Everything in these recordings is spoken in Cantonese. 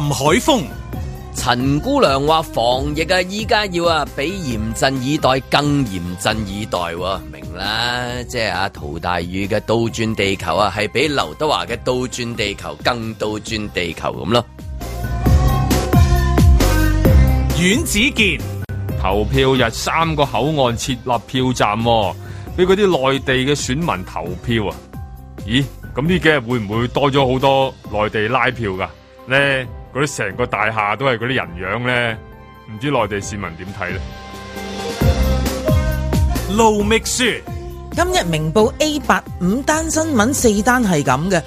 林海峰、陳姑娘話防疫啊，依家要啊比嚴陣以待更嚴陣以待、喎，明啦。即係阿陶大宇嘅倒轉地球啊，係比劉德華嘅倒轉地球更倒轉地球咁、啊、咯。阮子健投票日三個口岸設立票站、喎，俾嗰啲內地嘅選民投票啊！咦，咁呢幾日會唔會多咗好多內地拉票噶咧？嗰啲成個大廈都係嗰啲人樣呢？唔知內地市民點睇呢？盧覓雪今日《明報》A 八五單新聞四單係咁嘅：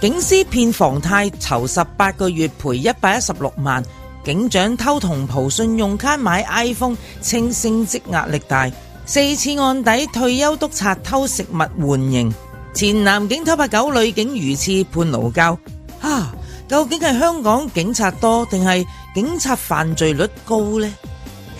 警司騙房貸囚十八個月賠一百一十六萬，警長偷同袍信用卡買 iPhone，稱升職壓力大；四次案底退休督察偷食物緩刑，前男警偷拍九女警魚翅判勞教。哈、啊！究竟係香港警察多，定係警察犯罪率高呢？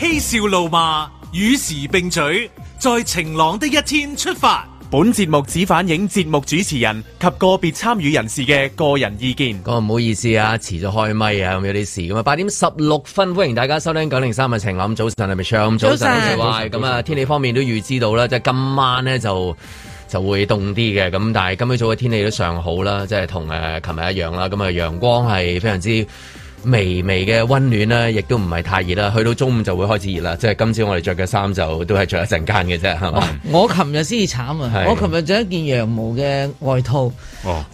嬉笑怒罵與時並舉，在晴朗的一天出發。本節目只反映節目主持人及個別參與人士嘅個人意見。嗰個唔好意思啊，遲咗開咪啊，咁有啲事咁啊。八點十六分，歡迎大家收聽九零三嘅《晴朗早晨》，係咪唱早晨？咁啊，天氣方面都預知到啦，即係今晚呢就。就會凍啲嘅，咁但係今朝早嘅天氣都尚好啦，即係同誒琴日一樣啦，咁啊陽光係非常之。微微嘅溫暖咧，亦都唔係太熱啦。去到中午就會開始熱啦。即係今朝我哋着嘅衫就都係着一陣間嘅啫，係嘛？我琴日先至慘啊！我琴日着一件羊毛嘅外套，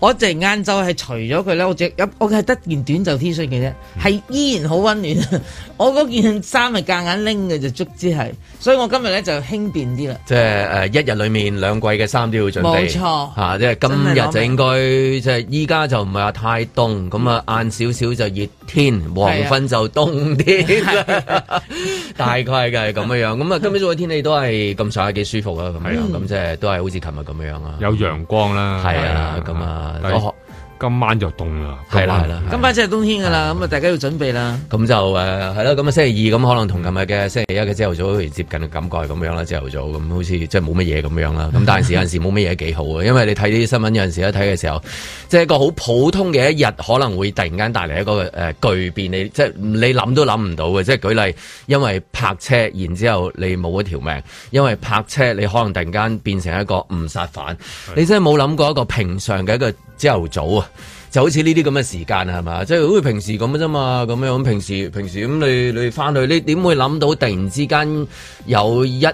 我成晏晝係除咗佢咧，我著一我係得件短袖 T 恤嘅啫，係依然好溫暖。我嗰件衫係夾硬拎嘅就足之係，所以我今日咧就輕便啲啦。即係誒，一日裡面兩季嘅衫都要準備。冇錯，嚇！即係今日就應該即係依家就唔係話太凍，咁啊晏少少就熱。黃昏就冬天，啊、 大概係咁嘅樣。咁啊， 今日個天氣都係咁上下，幾舒服啊。咁、啊嗯、樣咁即係都係好似琴日咁樣樣啊。有陽光啦，係啊，咁啊今晚就凍啦，係啦，係啦，今晚即係的冬天噶啦，咁啊的大家要準備啦。咁就誒係咯，咁啊星期二咁可能同琴日嘅星期一嘅朝頭早嚟接近嘅感覺係咁樣啦，朝頭早咁好似即係冇乜嘢咁樣啦。咁的但係有陣時冇乜嘢幾好啊， 因為你睇啲新聞有陣時一睇嘅時候，即、就、係、是、一個好普通嘅一日，可能會突然間帶嚟一個誒、呃、巨變，你即係你諗都諗唔到嘅。即係舉例，因為泊車，然之後你冇一條命；因為泊車，你可能突然間變成一個誤殺犯。的你真係冇諗過一個平常嘅一個朝頭早啊！就、就是、好似呢啲咁嘅時間係嘛，即係好似平時咁啫嘛，咁樣平時平時咁你你翻去，你點會諗到突然之間有一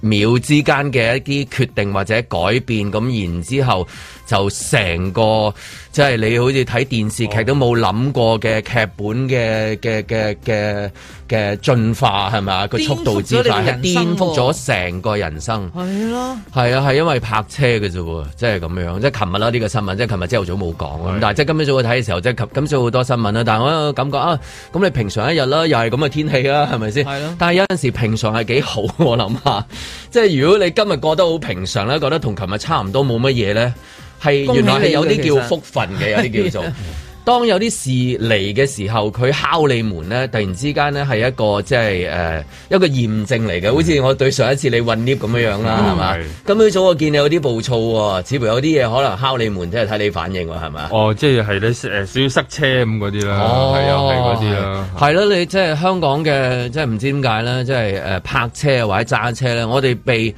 秒之間嘅一啲決定或者改變，咁然之後。就成個即係、就是、你好似睇電視劇都冇諗過嘅劇本嘅嘅嘅嘅嘅進化，係咪啊？個速度之快，係顛覆咗成個人生係咯，係啊，係因為泊車嘅啫喎，即係咁樣即係琴日啦呢個新聞，即係琴日朝頭早冇講，的但係即係今日早我睇嘅時候，即係今今早好多新聞啦。但係我感覺啊，咁你平常一日啦，又係咁嘅天氣啦，係咪先？係咯的。但係有陣時平常係幾好，我諗下，即係如果你今日過得好平常咧，覺得同琴日差唔多冇乜嘢咧。係，原來係有啲叫福分嘅，有啲叫做。當有啲事嚟嘅時候，佢敲你門咧，突然之間咧，係一個即係誒一個驗證嚟嘅。好似我對上一次你混 lift 咁樣樣啦，係嘛？咁早我見你有啲暴躁喎，似乎有啲嘢可能敲你門，即係睇你反應喎，係咪？哦，即係係你誒，少塞車咁嗰啲啦，係啊，係嗰啲啦。係咯，你即係香港嘅，即係唔知點解咧，即係誒泊車或者揸車咧，我哋被。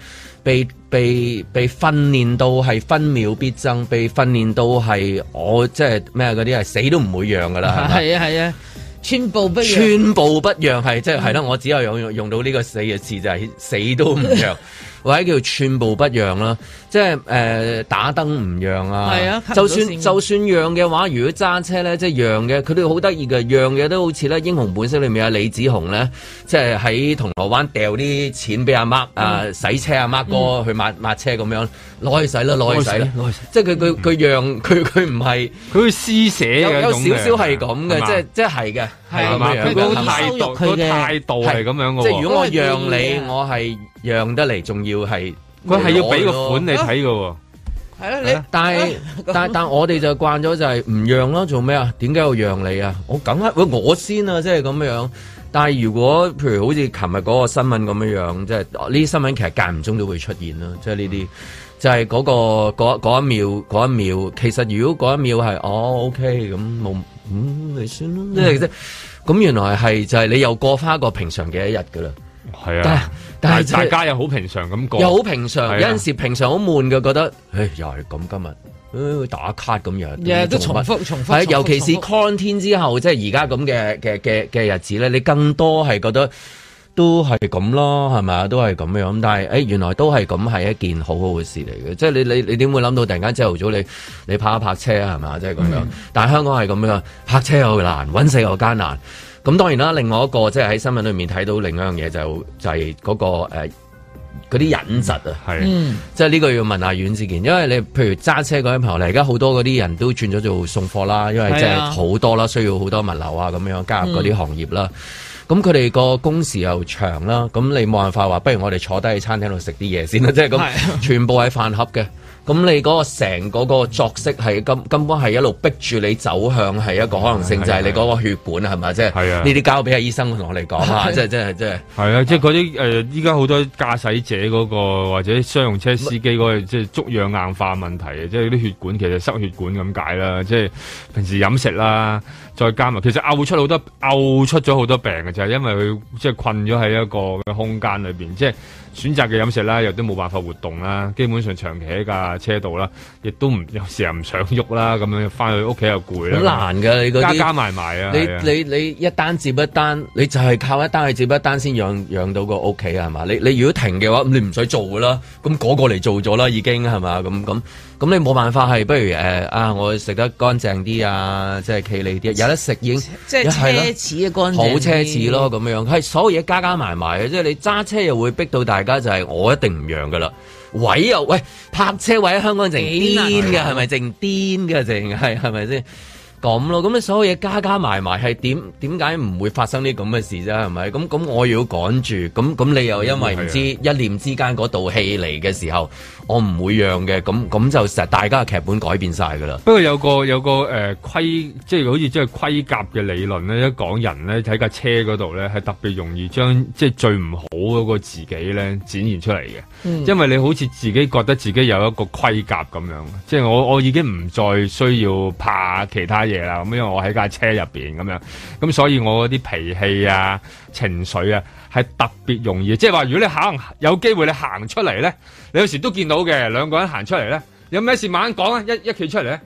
被被被訓練到係分秒必爭，被訓練到係我即係咩嗰啲係死都唔會讓噶啦，係咪？係啊，係啊，寸步不讓。寸步不讓係即係係啦，我只有用用到呢個四嘅字就係、是、死都唔讓， 或者叫寸步不讓啦。即係誒，打燈唔讓啊！就算就算讓嘅話，如果揸車咧，即係讓嘅，佢哋好得意嘅，讓嘅都好似咧英雄本色裏面阿李子雄咧，即係喺銅鑼灣掉啲錢俾阿 Mark 啊，洗車阿 Mark 哥去抹抹車咁樣，攞去洗啦，攞去洗啦，即係佢佢佢讓佢佢唔係，佢會施捨有少少係咁嘅，即係即係係嘅，係嘛？佢態度佢嘅態度係咁樣即係如果我讓你，我係讓得嚟，仲要係。佢係要俾個款你睇噶，係啊，你。但，啊、但係但這樣但我哋就慣咗就係唔讓咯，做咩啊？點解要讓你啊？我梗係喂，我先啊，即係咁樣。但係如果譬如好似琴日嗰個新聞咁樣樣，即係呢啲新聞其實間唔中都會出現咯。即係呢啲就係、是、嗰、就是那個嗰一秒嗰一秒，其實如果嗰一秒係哦 OK 咁冇嗯，你算啦，即係即係咁，原來係就係你又過翻一個平常嘅一日噶啦。係啊，但係但、就是、大家又好平常咁過，又好平常，啊、有陣時平常好悶嘅，覺得，唉、哎，又係咁今日，打卡咁樣，日日都重複重複。尤其是 c 天之後，即係而家咁嘅嘅嘅嘅日子咧，你更多係覺得都係咁咯，係咪啊？都係咁樣。但係，誒、哎，原來都係咁，係一件好好嘅事嚟嘅。即係你你你點會諗到突然間朝頭早你你，你拍一拍車係咪？即係咁樣。但係香港係咁樣，拍車又難，搵食又艱難。咁當然啦，另外一個即係喺新聞裏面睇到另一樣嘢，就係、就係、是、嗰、嗰個嗰啲、呃、隱疾啊，係，嗯、即係呢個要問下阮志健，因為你譬如揸車嗰啲朋友，嚟而家好多嗰啲人都轉咗做送貨啦，因為即係好多啦，需要好多物流啊，咁樣加入嗰啲行業啦。咁佢哋個工時又長啦，咁你冇辦法話，不如我哋坐低喺餐廳度食啲嘢先啦，即係咁，的全部喺飯盒嘅。咁你嗰個成嗰個,個作息係根根本係一路逼住你走向係一個可能性，啊啊啊啊、就係你嗰個血管係咪、就係、啊？即係呢啲交俾阿醫生同我哋講下，即係即係即係。係啊，即係嗰啲誒，依家好多駕駛者嗰、嗰個或者商用車司機嗰、嗰個即係粥樣硬化問題即係啲血管其實塞血管咁解啦，即、就、係、係、平時飲食啦、啊。再加埋，其實拗出好多，拗出咗好多病嘅就係因為佢即係困咗喺一個嘅空間裏邊，即係選擇嘅飲食啦，又都冇辦法活動啦，基本上長期喺架車度啦，亦都唔有時又唔想喐啦，咁樣翻去屋企又攰啦。好難㗎你嗰啲加加埋埋啊！你你是的 你，你，你一單接一單，你就係靠一單去接一單先養養到個屋企係嘛？你你如果停嘅話，咁你唔使做啦，咁嗰個嚟做咗啦，已經係嘛咁咁。咁你冇辦法係，不如誒啊，我食得乾淨啲啊，即係企理啲，有得食已經即係奢侈嘅乾淨，好奢侈咯咁樣，係所有嘢加加埋埋嘅，即係你揸車又會逼到大家，就係我一定唔讓噶啦，喂又喂泊車位喺香港淨癲嘅係咪淨癲嘅淨係係咪先咁咯？咁啊所有嘢加加埋埋係點點解唔會發生啲咁嘅事啫？係咪咁咁我要趕住咁咁你又因為唔知一念之間嗰度氣嚟嘅時候。我唔會讓嘅，咁咁就成日大家嘅劇本改變晒噶啦。不過有個有個誒規，即係好似即係盔甲嘅理論咧，一講人咧喺架車嗰度咧，係特別容易將即係最唔好嗰個自己咧展現出嚟嘅。嗯、因為你好似自己覺得自己有一個盔甲咁樣，即係我我已經唔再需要怕其他嘢啦。咁因為我喺架車入邊咁樣，咁所以我嗰啲脾氣啊。情緒啊，係特別容易，即係話如果你可能有機會你行出嚟咧，你有時都見到嘅兩個人行出嚟咧，有咩事慢慢講啊，一一企出嚟咧，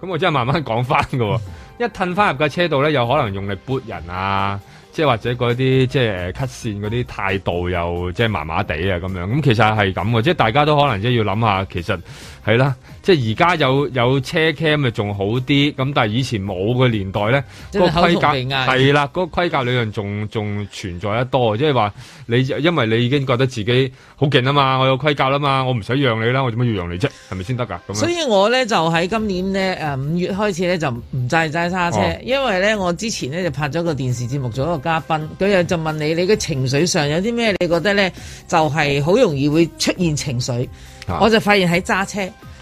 咁我真係慢慢講翻㗎喎， 一褪翻入個車度咧，有可能用力撥人啊。即係或者嗰啲即係誒 cut 線嗰啲態度又即係麻麻地啊，咁樣，咁其實係咁嘅。即係大家都可能即係要諗下，其實係啦，即係而家有有車 cam 咪仲好啲，咁但係以前冇嘅年代咧，個規格係啦，個規格理論仲仲存在得多，即係話你因為你已經覺得自己好勁啊嘛，我有規格啊嘛，我唔使讓你啦，我做乜要讓你啫，係咪先得㗎？咁所以我咧就喺今年咧誒五月開始咧就唔制制沙車，因為咧我之前咧就拍咗個電視節目咗。嘉賓，佢又就問你，你嘅情緒上有啲咩？你覺得呢，就係、是、好容易會出現情緒，啊、我就發現喺揸車，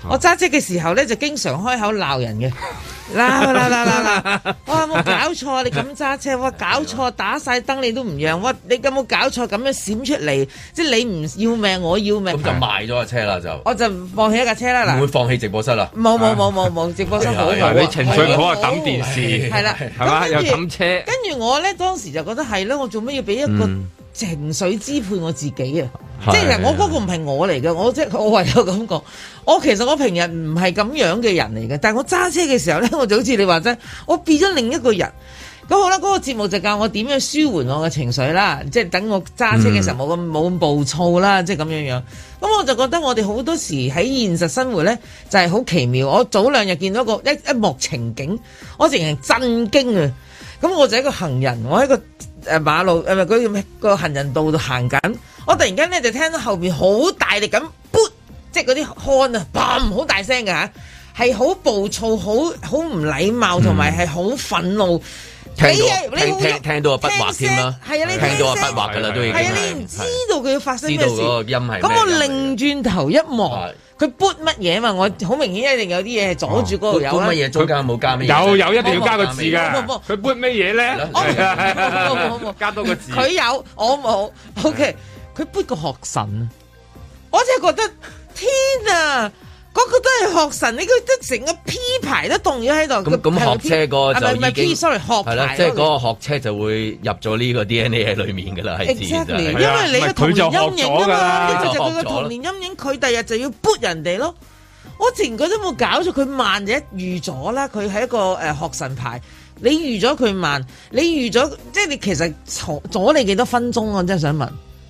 我揸車嘅時候呢，就經常開口鬧人嘅。 嗱嗱嗱嗱嗱！我有冇搞錯？你咁揸車，我搞錯打晒燈，你都唔讓，我你有冇搞錯咁樣閃出嚟？即係你唔要命，我要命。咁就賣咗架車啦，就我就放棄一架車啦。唔會放棄直播室啦。冇冇冇冇冇直播室好。你情緒好呀等電視。係啦，係車。跟住我咧，當時就覺得係咯，我做咩要俾一個？情緒支配我自己啊！的即係我嗰個唔係我嚟嘅，我即係我唯有咁講。我其實我平日唔係咁樣嘅人嚟嘅，但係我揸車嘅時候呢，我就好似你話齋，我變咗另一個人。咁我咧嗰個節目就教我點樣舒緩我嘅情緒啦，即係等我揸車嘅時候冇咁冇咁暴躁啦，嗯、即係咁樣樣。咁我就覺得我哋好多時喺現實生活呢，就係、是、好奇妙。我早兩日見到一個一一幕情景，我淨係震驚啊！咁我就一個行人，我喺一個。誒馬路誒咪嗰個咩個行人道度行緊，我突然間咧就聽到後邊好大力咁噗，即係嗰啲 horn 啊嘭，好大聲㗎吓，係好暴躁，好好唔禮貌，同埋係好憤怒。嗯你你聽到個筆畫添啦，聽到個筆畫噶啦都已經係啊，你唔知道佢發生知道音係咁，我擰轉頭一望，佢撥乜嘢嘛？我好明顯一定有啲嘢阻住嗰度，有乜嘢中間冇加乜嘢？有有一定要加個字噶，佢撥乜嘢咧？加多個字，佢有我冇，OK，佢撥個學神，我就覺得天啊！我覺得係學神，你佢都成個 P 牌都凍咗喺度。咁咁學車個 sorry 已經係啦，即係嗰個學車就會入咗呢個 D N A 喺裏面噶啦，係 Exactly。因為你嘅童年陰影噶嘛，就佢個、啊、童年陰影，佢第日就要 boot 人哋咯。我前嗰都冇搞錯，佢慢就預咗啦，佢係一個誒學神牌，你預咗佢慢，你預咗，即係你其實坐阻你幾多分鐘啊？我真係想問。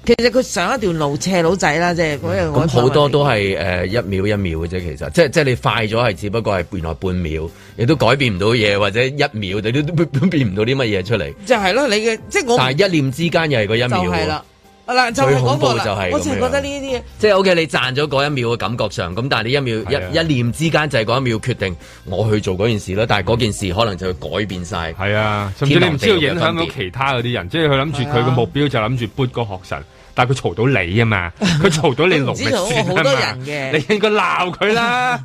其實佢上一條路斜佬仔啦，即係嗰樣咁好多都係誒一秒一秒嘅啫，其實即即係你快咗係，只不過係原來半秒，亦都改變唔到嘢，或者一秒你都都變唔到啲乜嘢出嚟。就係咯，你嘅即但係一念之間又係個一秒。就係啦。啊啦，最恐怖就係我淨係覺得呢啲即係 OK，你賺咗嗰一秒嘅感覺上，咁但係你一秒一一念之間就係嗰一秒決定我去做嗰件事啦。但係嗰件事可能就會改變晒。係啊，甚至你唔知道影響到其他嗰啲人，即係佢諗住佢嘅目標就諗住撥個學神。但佢嘈到你啊嘛，佢嘈到你龍咩樹啊嘛，你應該鬧佢啦，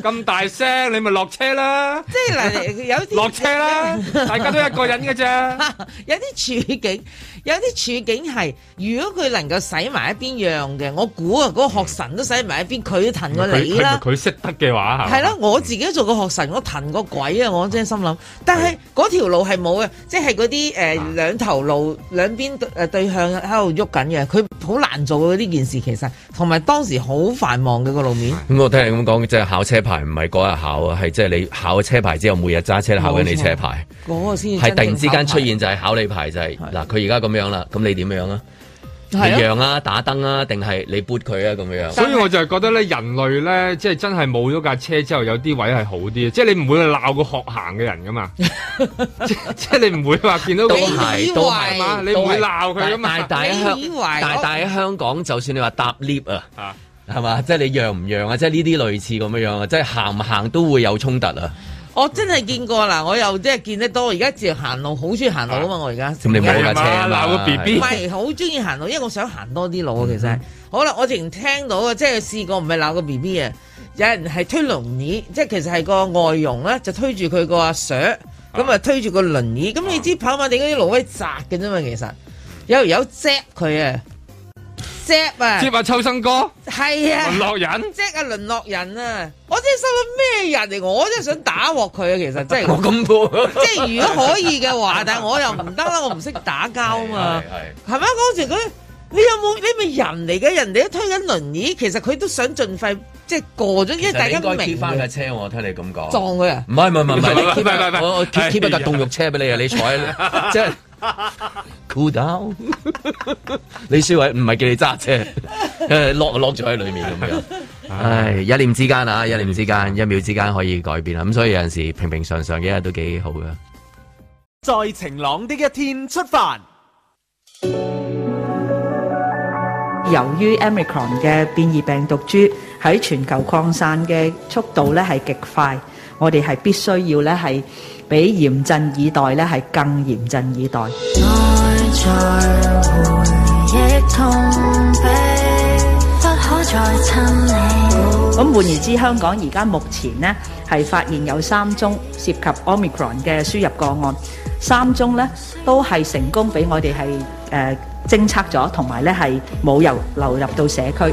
咁 大聲，你咪落車啦，即係有啲落車啦，大家都一個人嘅啫。 有啲處境。有啲處境係，如果佢能夠使埋一邊讓嘅，我估啊，嗰、那個學神都使埋一邊，佢都騰過你啦。佢識得嘅話，係啦，我自己做個學神，我騰個鬼啊！我真係心諗，但係嗰的條路係冇嘅，即係嗰啲誒兩頭路兩邊誒、呃、對向喺度喐緊嘅，佢好難做呢件事。其實同埋當時好繁忙嘅個路面。咁我聽你咁講，即、就、係、是、考車牌唔係嗰日考啊，係即係你考咗車牌之後，每日揸車考緊你車牌，嗰、那個先係突然之間出現，就係考你牌就係、是、嗱，佢而家咁。 樣啦，咁你點樣是啊？讓啊，打燈啊，定係你撥佢啊？咁樣，所以我就係覺得咧，人類咧，即係真係冇咗架車之後，有啲位係好啲，即係你唔會鬧個學行嘅人噶嘛， 即係你唔會話見到、那個、 個鞋都係嘛，你唔會鬧佢噶嘛？大喺大喺香、香港，就算你話搭 lift 啊，係嘛、啊，即係你讓唔讓啊？即係呢啲類似咁樣啊？即係行唔行都會有衝突啊。 我真係見過喇，我又即係見得多，而家自行路好中意行路啊嘛！我而家、啊、在你冇架車呀，鬧個 BB，唔係好中意行路，因為我想行多啲路。其實，嗯、好啦，我直情聽到啊，即係試過唔係鬧個 B B 啊，有人係推輪椅，即係其實係個外傭咧，就推住佢個阿嫂，咁啊推住個輪椅。咁、啊嗯嗯、你知跑馬地嗰啲路位窄嘅啫嘛，其實有有 zip 佢啊！啊接啊！接阿秋生哥，係啊，輪落人，接啊，輪落人啊！我真係收咗咩人嚟？我真係想打鑊佢啊！其實真係我咁多，即係如果可以嘅話， 但係我又唔得啦，我唔識打交啊嘛，係咪？嗰時佢，你有冇？你咪人嚟嘅人哋都推緊輪椅，其實佢都想盡費。即係過咗，即大家明。翻架車，我聽你咁講。撞佢啊！唔係唔係唔係，我貼貼架凍肉車俾你啊！你坐！即係 cool down。李舒偉唔係叫你揸車，誒落啊落住喺裏面咁樣。 唉，一念之間啊，一念之間，一秒之間可以改變啊！咁所以有陣時平平常常嘅日都幾好噶。在晴朗的一天出發。由於埃米克隆嘅變異病毒株。喺全球擴散嘅速度咧係極快，我哋係必須要咧係比嚴陣以待咧係更嚴陣以待。咁 換言之，香港而家目前呢係發現有三宗涉及 Omicron 嘅輸入個案，三宗咧都係成功俾我哋係誒偵測咗，同埋咧係冇有流入到社區。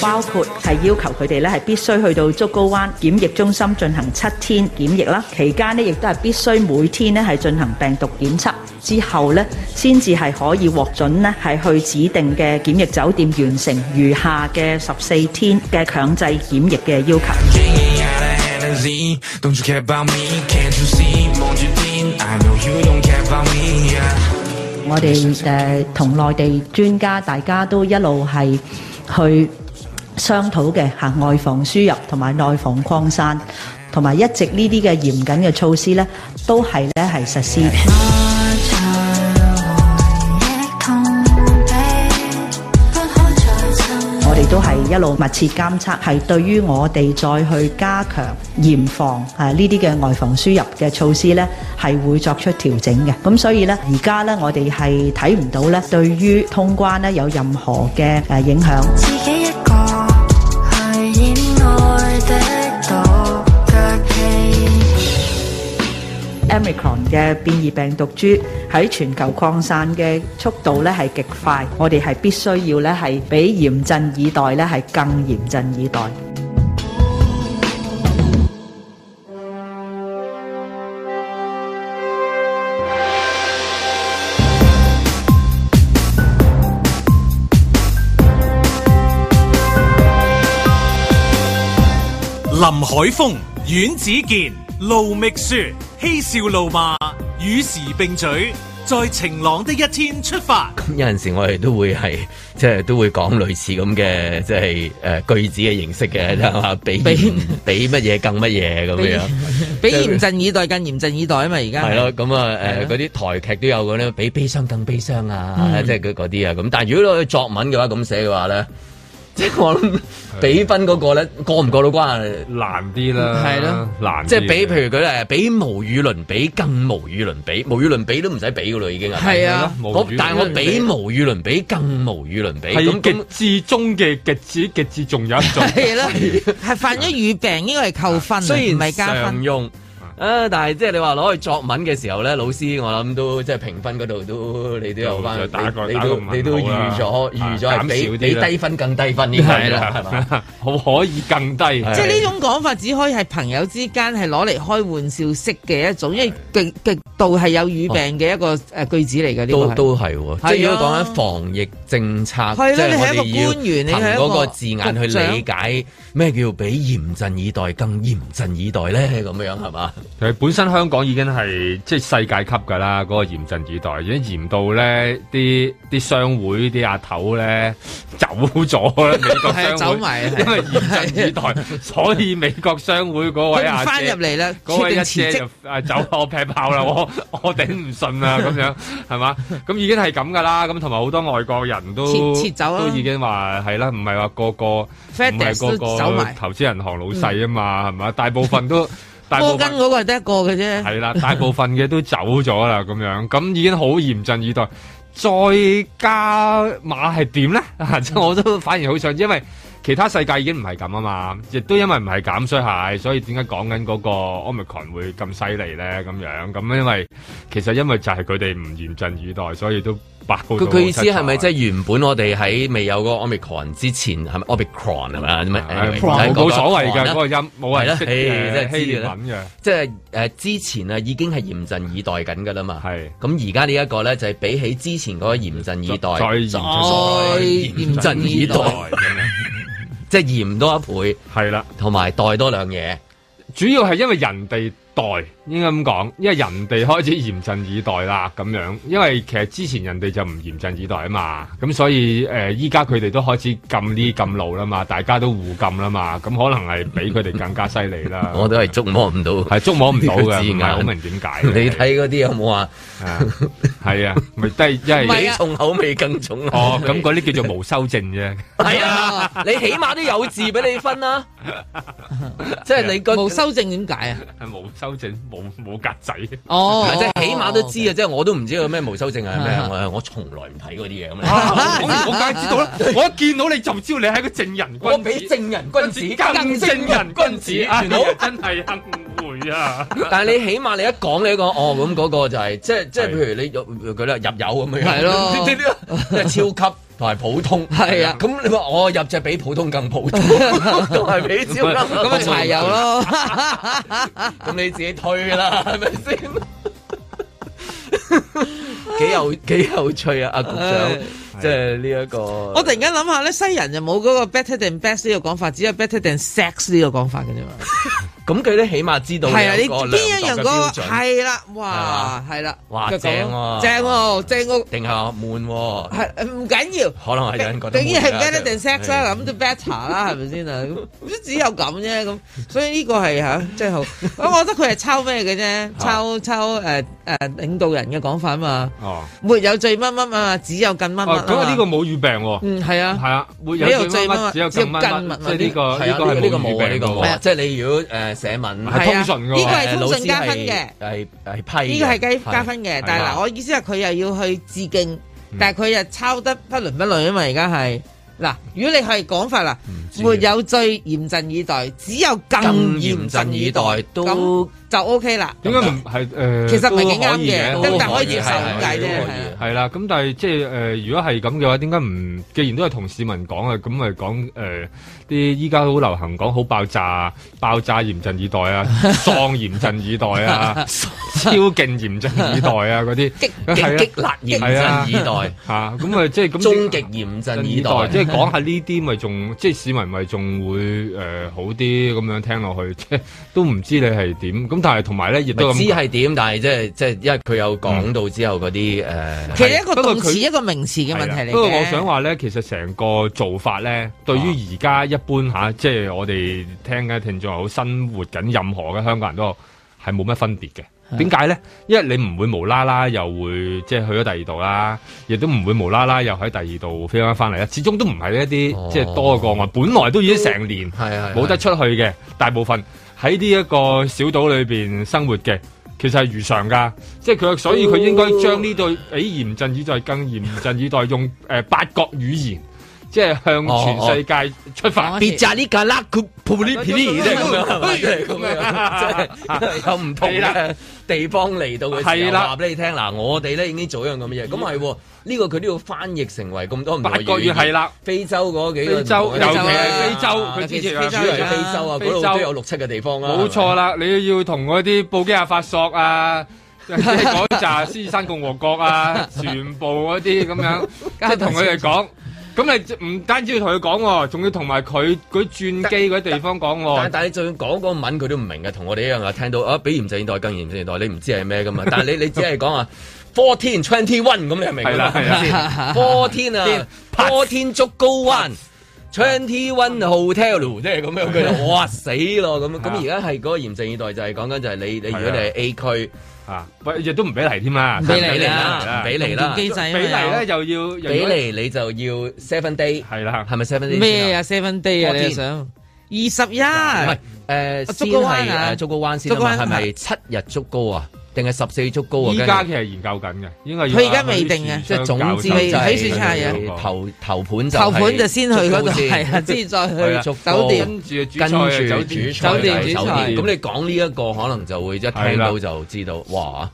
包括係要求佢哋咧係必須去到竹篙灣檢疫中心進行七天檢疫啦，期間呢亦都係必須每天咧係進行病毒檢測，之後咧先至係可以獲准咧係去指定嘅檢疫酒店完成餘下嘅十四天嘅強制檢疫嘅要求。我哋誒同內地專家大家都一路係去，商討嘅嚇外防輸入同埋內防擴散，同埋一直呢啲嘅嚴謹嘅措施咧，都係咧係實施嘅。我哋都係一路密切監測，係對於我哋再去加強嚴防啊呢啲嘅外防輸入嘅措施咧，係會作出調整嘅。咁所以咧，而家咧我哋係睇唔到咧，對於通關咧有任何嘅誒影響。Omicron 嘅變異病毒株喺全球擴散嘅速度咧，係極快，我哋係必須要咧，係比嚴陣以待咧，係更嚴陣以待。林海峰、阮子健、盧覓雪、嬉笑怒罵，與時並舉。在晴朗的一天出發。咁有陣時我哋都會係即係都會講類似咁嘅即係誒、呃、句子嘅形式嘅，比比乜嘢 更乜嘢咁樣，比嚴陣 以待更嚴陣以待啊嘛！而家係咯，咁啊誒，嗰啲、呃、台劇都有咁咧，比悲傷更悲傷啊，嗯、即係嗰啲啊。咁但係如果去作文嘅話，咁寫嘅話咧。呢即係我諗比分嗰個咧，過唔過到關難啲啦，係咯了難。即係比，譬如佢例，比無與倫比更無與倫比，無與倫比都唔使比噶啦，已經係啊。我但係我比無與倫比更無與倫比咁，至終嘅極致極致仲有一種。係咯，係 犯咗語病，應該係扣分，雖然唔係加分用。啊！但係即係你話攞去作文嘅時候咧，老師我諗都即係評分嗰度都你都有翻去打過，你都你都預咗預咗俾俾低分更低分呢啲啦，係嘛？好可以更低。即係呢種講法只可以係朋友之間係攞嚟開玩笑式嘅一種，因為極極度係有語病嘅一個誒句子嚟嘅。都都係，即係如果講緊防疫政策，即係你係一個官員，你憑嗰個字眼去理解。咩叫比嚴陣以待更嚴陣以待咧？咁樣係嘛？其實本身香港已經係即係世界級㗎啦，嗰、嗰個嚴陣以待已經嚴到咧，啲啲商會啲阿頭咧走咗啦，美國商會、 啊、走因為嚴陣以待， 啊、所以美國商會嗰位阿哥翻入嚟咧，嗰位一姐就啊走我劈炮啦，我我，我頂唔順啦，咁樣係嘛？咁已經係咁㗎啦，咁同埋好多外國人都撤撤走、啊、都已經話係啦，唔係話個個唔係個個。 投資銀行老細啊嘛，係嘛？大部分都，摩根嗰個係得一個嘅啫。係啦，大部分嘅都走咗啦，咁 樣咁已經好嚴陣以待。再加碼係點咧？即 我都反而好想，因為。其他世界已經唔係咁啊嘛，亦都因為唔係減衰蟹，所以點解講緊嗰個 Omicron 會咁犀利咧？咁樣咁因為其實因為就係佢哋唔嚴陣以待，所以都白。佢意思係咪即係原本我哋喺未有個 Omicron 之前係咪 Omicron 係咪？冇所謂㗎，嗰個音冇人識，即係欺騙嘅。即係誒之前啊，已經係嚴陣以待緊㗎啦嘛。係咁，而家呢一個咧，就係比起之前嗰個嚴陣以待，再嚴陣以待。即係鹽多一倍，係啦的，同埋袋多兩嘢，主要係因為人哋袋。應該咁講，因為人哋開始嚴陣以待啦，咁樣。因為其實之前人哋就唔嚴陣以待啊嘛，咁、嗯、所以誒，依家佢哋都開始禁呢禁路啦嘛，大家都互禁啦嘛，咁、嗯、可能係比佢哋更加犀利啦。 我都係捉摸唔到，係捉摸唔到嘅、嗯，唔係好明點解。你睇嗰啲有冇啊？係啊，咪 低、嗯，因為比重口味更重。 啊、哦，咁嗰啲叫做無修正啫 、哎呀。係啊，你起碼都有字俾你分啦、啊。 即係你個無修正點解啊？係 無修正。冇格仔哦，即係起碼都知啊！即係我都唔知佢咩無修正係咩，我我從來唔睇嗰啲嘢咁啊！我梗係知道啦，我一見到你就知你係個正人君子，我比正人君子更正人君子，你好真係幸會啊！但係你起碼你一講你講哦，咁嗰個就係即係即係，譬如你佢咧入油咁樣樣，係咯，即係超級。同埋普通係啊，咁、嗯、你話我入只比普通更普通， 都係比招金咁咪柴油咯？咁 是你自己推啦，係咪先？幾有幾有趣啊！阿、 啊、局長，即係呢一個，啊、我突然間諗下咧，西人就冇嗰個 better than best 呢個講法，只有 better than sex 呢個講法嘅啫嘛。 咁佢都起碼知道啊，你兩樣標準，係啦，哇，係啦，哇，正喎，正喎，正喎，定下悶喎，係唔緊要，可能係有人覺得悶啦，咁就 better 啦，係咪先啊？咁只有咁啫，咁所以呢個係嚇真係好。咁我覺得佢係抄咩嘅啫？抄抄誒誒領導人嘅講法啊嘛，哦，沒有最乜乜啊，只有更乜乜。咁啊呢個冇語病喎，嗯係啊係啊，沒有最乜，只有更乜，即係呢個呢個係冇語病呢個。係啊，即係你如果誒。寫文係通，通訊加分嘅，老師係，係批。呢個係計加分嘅，但係嗱，我意思係佢又要去致敬，嗯、但係佢又抄得不倫不類，因為而家係嗱，嗯、如果你係講法啦，沒有最嚴陣以待，只有更嚴陣以待，陣以待都。就 OK 啦，點解唔係誒其實係幾啱嘅。咁但可以接受解啫。係啦，咁但係即係誒如果係咁嘅話，點解唔？既然都係同市民講啊，咁咪講誒啲依家好流行講好爆炸，爆炸嚴陣以待啊，喪嚴陣以待啊，超勁嚴陣以待啊，啲激極激辣嚴陣以待吓，咁啊即係咁。終極嚴陣以待，即係講下呢啲咪仲即係市民咪仲會誒好啲咁樣聽落去，即係都唔知你係點咁。咁但係同埋咧，亦都唔知係點，但係即係即係，因為佢有講到之後嗰啲誒，嗯呃、其實一個動詞一個名詞嘅問題嚟，不過的我想話咧，他其實成個做法咧，哦、對於而家一般嚇、啊，即係我哋聽嘅聽眾又好，生活緊任何嘅香港人都係冇乜分別嘅。點解咧？因為你唔會無啦啦又會即係去咗第二度啦，亦都唔會無啦啦又喺第二度飛翻翻嚟啦。始終都唔係一啲、哦、即係多個案，本來都已經成年冇都得出去嘅大部分。喺呢一個小島裏邊生活嘅，其實係如常㗎，即係佢，所以佢應該將呢對誒、欸、嚴陣以待，更嚴陣以待用誒、呃、八國語言。即係向全世界出發。有唔同嘅地方嚟到嘅，係啦，話俾你聽嗱，我哋咧已經做一樣咁嘅嘢。咁係喎，呢個佢都要翻譯成為咁多唔同語言。八個月係啦，非洲嗰幾個州，尤其係非洲，佢之前話主要係非洲啊，嗰度都有六七個地方啦。冇錯啦，你要同嗰啲布基亞法索啊、埃塞俄亞、斯里蘭共和國啊，全部嗰啲咁樣，即係同佢哋講。咁你唔單止要同佢講喎，仲要同埋佢佢轉機嗰啲地方講喎。但係你就算講嗰個文，佢都唔明嘅，同我哋一樣啊！聽到啊，比嚴正年代更嚴正年代，你唔知係咩噶嘛？但係你你只係講啊，fourteen twenty one 咁你係明㗎啦。fourteen 啊，fourteen 竹篙灣，twenty one hotel 即係咁樣佢啦。哇死咯咁樣，咁而家係嗰個嚴正年代就係講緊就係你你如果你係 A 區。啊！亦都唔俾嚟添啦，俾嚟啦，俾嚟啦，機制啊嘛，俾嚟咧又要俾嚟，你就要 seven day，係啦，係咪 seven day？咩啊？seven day 啊！你想二十一？唔係誒，先係誒，足高彎先，係咪七日足高啊？定係十四足高啊！而家其係研究緊嘅，佢而家未定啊。即係總之喺選才頭頭盤就頭盤就先去嗰度，係之後再去酒店，跟住酒店、酒店，咁你講呢一個可能就會一聽到就知道，哇！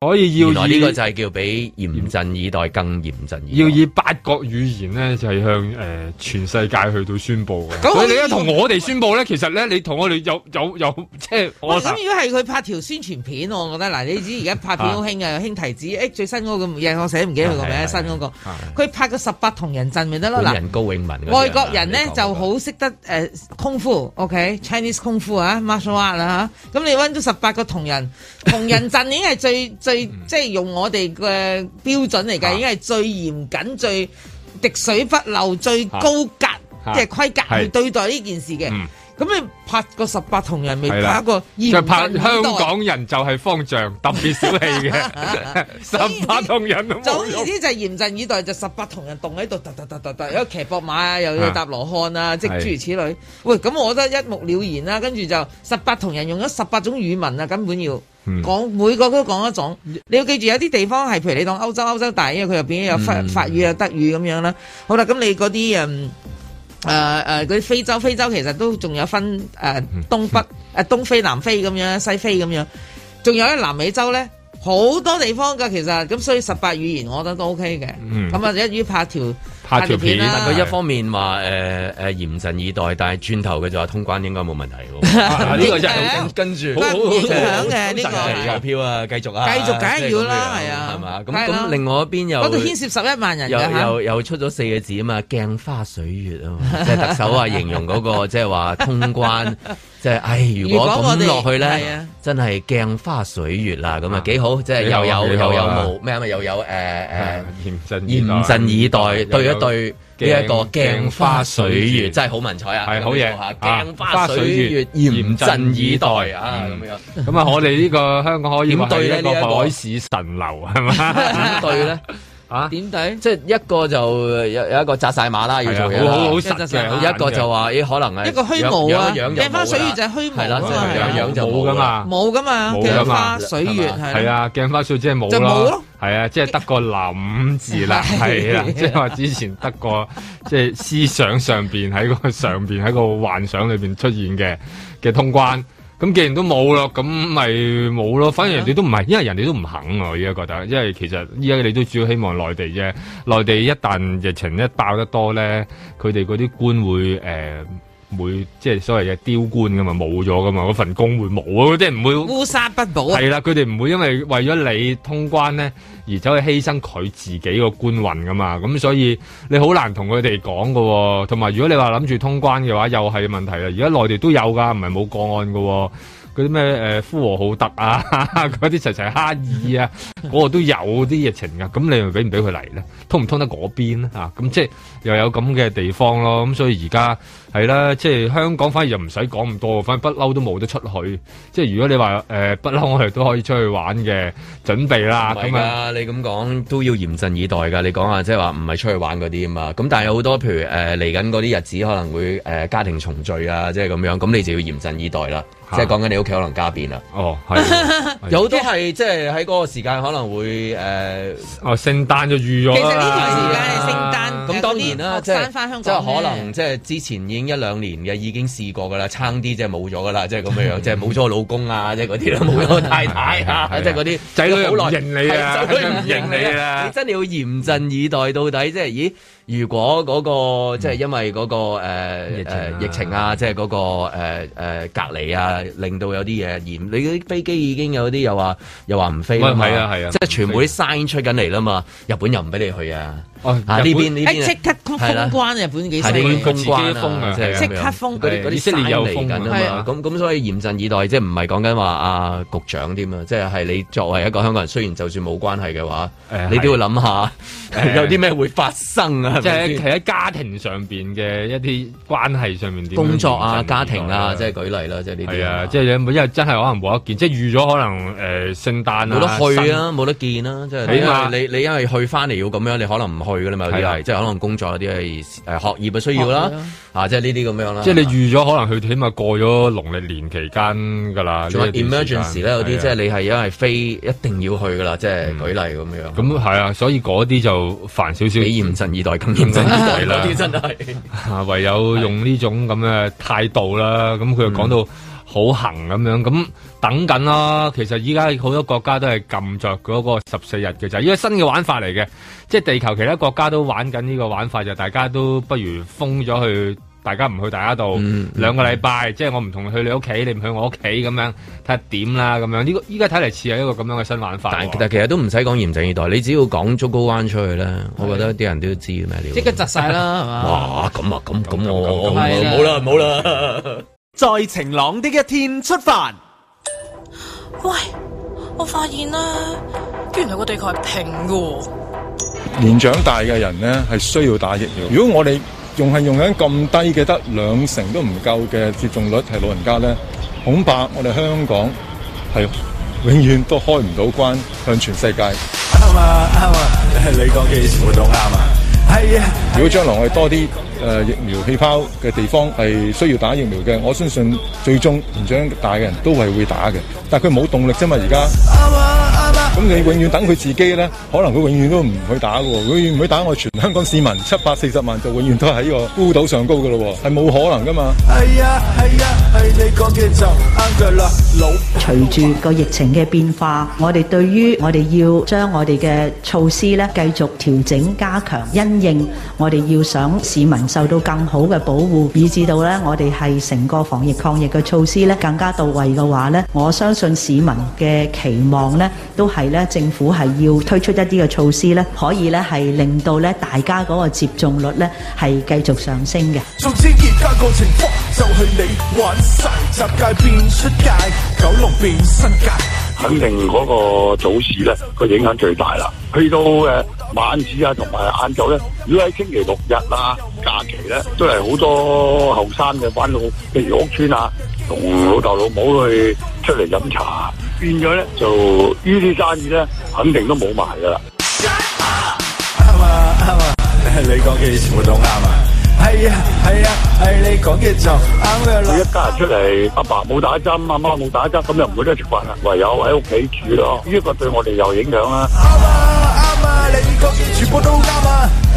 所以要，原來呢個就係叫比嚴陣以待更嚴陣。要以八國語言呢，就係向誒全世界去到宣佈嘅。咁你而家同我哋宣佈咧，其實咧，你同我哋有有有即係我諗。如果係佢拍條宣傳片，我覺得嗱，你知而家拍片好興嘅，興提子，最新嗰個嘢，我寫唔記得佢個名，新嗰個。佢拍個十八銅人陣咪得咯。人高永文。外國人咧就好識得誒功夫，OK，Chinese 功夫啊，martial art 啊，咁你揾咗十八個銅人，銅人陣已經係最。最即係用我哋嘅標準嚟講，已經係最嚴謹、最滴水不漏、最高格嘅規格去對待呢件事嘅。咁你拍個十八銅人未？拍個嚴陣以待就拍香港人就係方丈，特別小氣嘅 以十八銅人。總之就嚴陣以待，就十八銅人棟喺度，突突突突突，有騎膊馬啊，又有要搭羅漢啊，即係諸如此類。的喂，咁我覺得一目了然啦。跟住就十八銅人用咗十八種語文啊，根本要、嗯、講每個都講一種。你要記住，有啲地方係譬如你當歐洲，歐洲大，因為佢入邊有法、嗯、法語啊、德語咁樣啦。好啦，咁你嗰啲人。嗯誒誒，佢、呃、非洲非洲其實都仲有分誒、呃、東北誒、呃、東非、南非咁樣、西非咁樣，仲有喺南美洲咧好多地方噶，其實咁所以十八語言我覺得都 OK 嘅，咁啊、嗯、一於拍條。拍條片，但佢一方面話誒誒嚴陣以待，但係轉頭佢就話通關應該冇問題。呢、 啊呢個真係跟跟住， 好好嘅呢、嗯呢個。有票啊，繼續啊，繼續梗要啦，係啊、這個，係嘛？咁咁，嗯、另外一邊又牽涉十一萬人，又又又出咗四個字啊嘛，鏡花水月啊嘛，即、就、係、是、特首話、啊、形容嗰、嗰個即係話通關。 即係，唉，如果咁落去咧，真係鏡花水月啦，咁啊幾好，即係又有又有冇咩啊？又有誒誒，嚴嚴陣以待，對一對呢一個鏡花水月，真係好文采啊！係好嘢鏡花水月，嚴陣以待啊！咁樣，咁啊，我哋呢個香港可以點對呢個海市蜃樓，係咪？點對咧？啊點解？即係一個就有有，一個扎晒馬啦，要做好好實；有一個就話咦，可能係，一個虛無啊，鏡花水月就係虛無啦，即係冇冇噶嘛，冇噶嘛，鏡花水月係。係啊，鏡花水即係冇咯，係啊，即係得個諗字啦，係啊，即係話之前得個即係思想上邊喺個上邊喺個幻想裏邊出現嘅嘅通關。咁既然都冇咯，咁咪冇咯。反而人哋都唔係，因為人哋都唔肯。我依家覺得，因為其實依家你都主要希望內地啫。內地一旦疫情一爆得多咧，佢哋嗰啲官會誒。呃會即係所謂嘅丟官噶嘛，冇咗噶嘛，嗰份工會冇咯，即係唔會烏紗不保。係啦，佢哋唔會因為為咗你通關咧，而走去犧牲佢自己個官運噶嘛。咁所以你好難同佢哋講噶。同埋如果你話諗住通關嘅話，又係問題啦。而家內地都有噶，唔係冇個案噶喎。嗰啲咩誒呼和浩特啊，嗰啲齊齊哈爾啊，嗰個 都有啲疫情噶。咁你又俾唔俾佢嚟咧？通唔通得嗰邊啊？咁即係又有咁嘅地方咯。咁所以而家。係啦，即係香港反而又唔使講咁多，反而不嬲都冇得出去。即係如果你話誒不嬲，呃、我哋都可以出去玩嘅準備啦。咁啊，這樣 你咁講都要嚴陣以待㗎。你講下，即係話唔係出去玩嗰啲啊嘛。咁但係有好多譬如誒嚟緊嗰啲日子可能會誒、呃、家庭重聚啊，即係咁樣。咁你就要嚴陣以待啦。啊、即係講緊你屋企可能家變啦。哦， 有啲係 即係喺嗰個時間可能會誒、呃、哦聖誕就預咗。其實呢段時間係聖誕，咁當然啦，即係翻香港可能即係之前已。一兩年嘅已經試過噶啦，差啲即係冇咗噶啦，即係咁嘅樣，即係冇咗老公啊，即係嗰啲啦，冇咗太太啊，即係嗰啲仔女好耐唔認你啊，仔女唔認你啦，你真係要嚴陣以待到底。即係，咦？如果嗰個即係因為嗰個誒疫情啊，即係嗰個誒誒隔離啊，令到有啲嘢而你啲飛機已經有啲又話又話唔飛嘛？係啊係啊，即係全部啲 sign 出緊嚟啦嘛，日本又唔俾你去啊。啊呢邊呢邊，係啦，日本封關，日本幾衰啊，自己封啊，即刻封，嗰啲嗰啲以色列又封緊啊嘛，咁咁所以嚴陣以待，即係唔係講緊話啊局長添啊，即係係你作為一個香港人，雖然就算冇關係嘅話，你都要諗下有啲咩會發生啊，即係喺家庭上邊嘅一啲關係上面啲工作啊、家庭啊，即係舉例啦，即係呢啲啊，即係因為真係可能冇得見，即係預咗可能誒聖誕啊，冇得去啊，冇得見啦，即係你你因為去翻嚟要咁樣，你可能唔好。去噶啦嘛，啲係即係可能工作有啲係誒學業嘅需要啦，啊即係呢啲咁樣啦。即係你預咗可能去，起碼過咗農曆年期間噶啦。仲有 emergency 咧，有啲即係你係因為非一定要去噶啦，即係舉例咁樣。咁係啊，所以嗰啲就煩少少。比嚴陣以待更嚴陣以待啦，嗰啲真係唯有用呢種咁嘅態度啦。咁佢又講到。好行咁樣咁等緊啦，其實依家好多國家都係撳着嗰個十四日嘅就，因為新嘅玩法嚟嘅，即係地球其他國家都玩緊呢個玩法就，大家都不如封咗去，大家唔去大家度兩個禮拜，即係我唔同去你屋企，你唔去我屋企咁樣睇下點啦咁樣，呢個依家睇嚟似係一個咁樣嘅新玩法。但係其實其實都唔使講嚴陣以待，你只要講竹篙灣出去咧，我覺得啲人都知咩料。即刻窒晒啦，係嘛？啊咁啊咁咁我冇啦冇啦。在晴朗的一天出發。喂，我發現啦，原來個地球係平嘅。年長大嘅人咧，係需要打疫苗。如果我哋用係用緊咁低嘅，得兩成都唔夠嘅接種率，係老人家咧，恐怕我哋香港係永遠都開唔到關向全世界。啱啊，啱啊，你講嘅活動啊，啊係啊！如果將來我哋多啲誒、呃、疫苗氣泡嘅地方係需要打疫苗嘅，我相信最終唔想打嘅人都係會打嘅，但係佢冇動力啫嘛，而家。咁你永遠等佢自己咧，可能佢永遠都唔去打嘅。佢永遠唔去打，我全香港市民七百四十萬就永遠都喺呢個孤島上高嘅咯，係冇可能噶嘛。係啊係啊係你講嘅就啱嘅啦。隨住個疫情嘅變化，我哋對於我哋要將我哋嘅措施咧繼續調整加強，因應我哋要想市民受到更好嘅保護，以至到咧我哋係成個防疫抗疫嘅措施咧更加到位嘅話咧，我相信市民嘅期望咧都係。係咧，政府係要推出一啲嘅措施咧，可以咧係令到咧大家嗰個接種率咧係繼續上升嘅。肯定嗰個早市咧個影響最大啦。去到誒晚市啊，同埋晏晝咧，如果喺星期六日啊假期咧，都係好多後生嘅玩到譬如屋村啊，同老豆老母去出嚟飲茶。變咗咧，就呢啲生意咧，肯定都冇埋噶啦。啱嘛啱嘛，你講嘅全部都啱啊！係啊係啊，係你講嘅就啱嘅咯。你一家人出嚟，阿爸冇打針，阿媽冇打針，咁又唔會得食飯啦，唯有喺屋企煮咯。呢個對我哋有影響啦。啱嘛啱嘛，你講嘅全部都啱啊！啊啊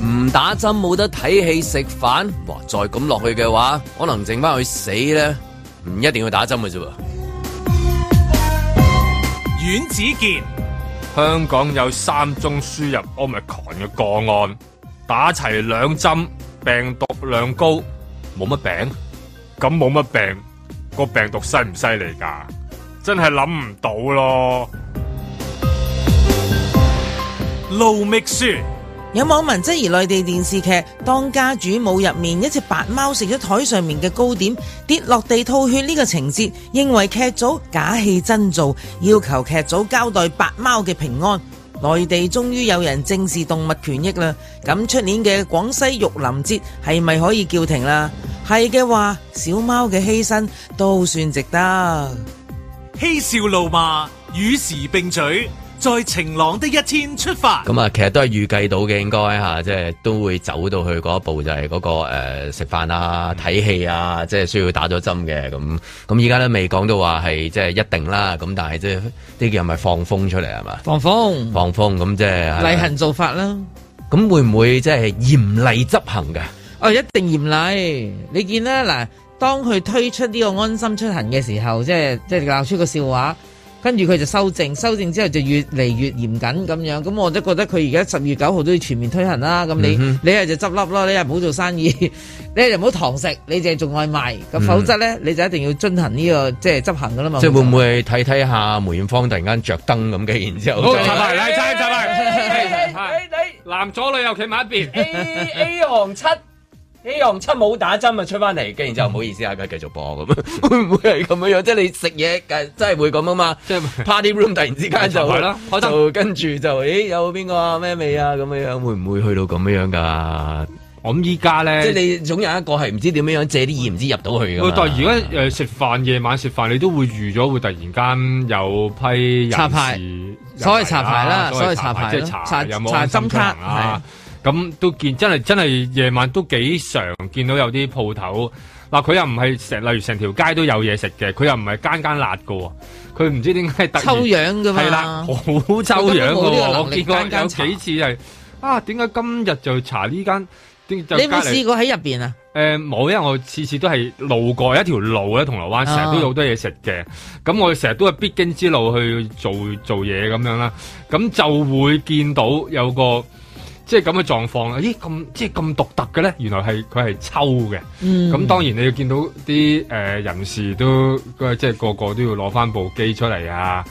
唔打針冇得睇戲食飯，哇！再咁落去嘅話，可能剩翻去死咧，唔一定要打針嘅啫。阮子健，香港有三宗輸入 omicron 嘅個案，打齊兩針，病毒量高，冇乜病，咁冇乜病，個病毒犀唔犀利噶？真係諗唔到咯。盧覓雪。有網民質疑內地電視劇《當家主母》入面一隻白貓食咗台上面嘅糕點跌落地吐血呢個情節，認為劇組假戲真做，要求劇組交代白貓嘅平安。內地終於有人正視動物權益啦！咁出年嘅廣西玉林節係咪可以叫停啦？係嘅話，小貓嘅犧牲都算值得。嬉笑怒罵與時並舉。在晴朗的一天出發。咁啊，其實都係預計到嘅，應該吓、啊，即係都會走到去嗰一步就、那個，就係嗰個誒食飯啊、睇戲啊，即係需要打咗針嘅。咁咁依家咧未講到話係即係一定啦。咁但係即係呢件係咪放風出嚟係嘛？放風？放風咁即啫。例、啊、行做法啦。咁會唔會即係嚴厲執行㗎？哦，一定嚴厲。你見咧嗱，當佢推出呢個安心出行嘅時候，即係即係鬧出個笑話。跟住佢就修正，修正之後就越嚟越嚴謹咁樣。咁我都覺得佢而家十月九號都要全面推行啦。咁你、嗯、哼你日就執笠咯，你又唔好做生意，你又唔好堂食，你淨係做外賣。咁否則咧，你就一定要進行呢、呢個即係執行噶啦嘛。嗯、哼即係會唔會睇睇下梅艷芳突然間着燈咁嘅？然之後就，好，站埋，嚟猜，站埋，你你男左女右企埋一邊，A A 行七。哎哎哎咦，又唔出冇打針咪出翻嚟？既然就唔好意思啊，繼續播咁樣，會唔會係咁樣樣？即係你食嘢，真係會咁啊嘛！即係 Party Room 突然之間就就跟住就，咦，有邊個咩味啊？咁樣樣會唔會去到咁樣樣噶？我諗依家咧，即係你總有一個係唔知點樣樣借啲意唔知入到去，但係如果誒食飯，夜晚食飯，你都會預咗會突然間有批查牌，所謂查牌啦，所謂查牌咯，查查針卡啊。咁都見真係真係夜晚都幾常見到有啲鋪頭嗱，佢又唔係成例如成條街都有嘢食嘅，佢又唔係間間辣噶，佢唔知點解突然抽樣噶嘛，係啦，好抽樣噶，樣我見過有幾次係啊，點解今日就查呢間？你有冇試過喺入邊啊？誒、呃，冇，因為我次次都係路過一條路咧，銅鑼灣成日都有好多嘢食嘅，咁、啊、我哋成日都係必經之路去做做嘢咁樣啦，咁就會見到有個。即係咁嘅狀況啦，咦咁即係咁獨特嘅咧？原來係佢係抽嘅，咁、嗯、當然你要見到啲誒、呃、人士都，即係個個都要攞翻部機出嚟啊！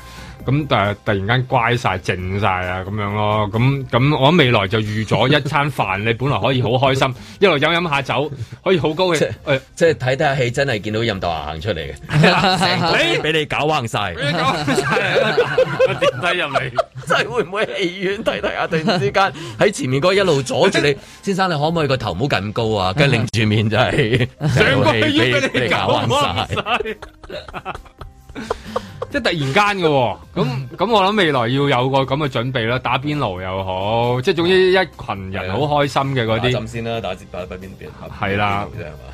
咁、嗯、但係突然間乖晒靜晒啊咁樣咯，咁咁我未來就預咗一餐飯。 你本來可以好開心，一路飲飲下酒，可以好高興。即係睇睇下戲，哎、睇睇戲真係見到任達華行出嚟嘅，哎，俾你搞彎晒，低入嚟， 真係會唔會戲院睇睇下？突然之間喺前面嗰一路阻住你， 先生你可唔可以個頭冇咁高啊？跟住擰住面就係、是、成 個戲俾你搞彎晒。 即係突然間嘅，咁咁我諗未來要有個咁嘅準備啦，打邊爐又好，即係總之一群人好開心嘅嗰啲咁先、啊、啦，打折打打邊爐係啦，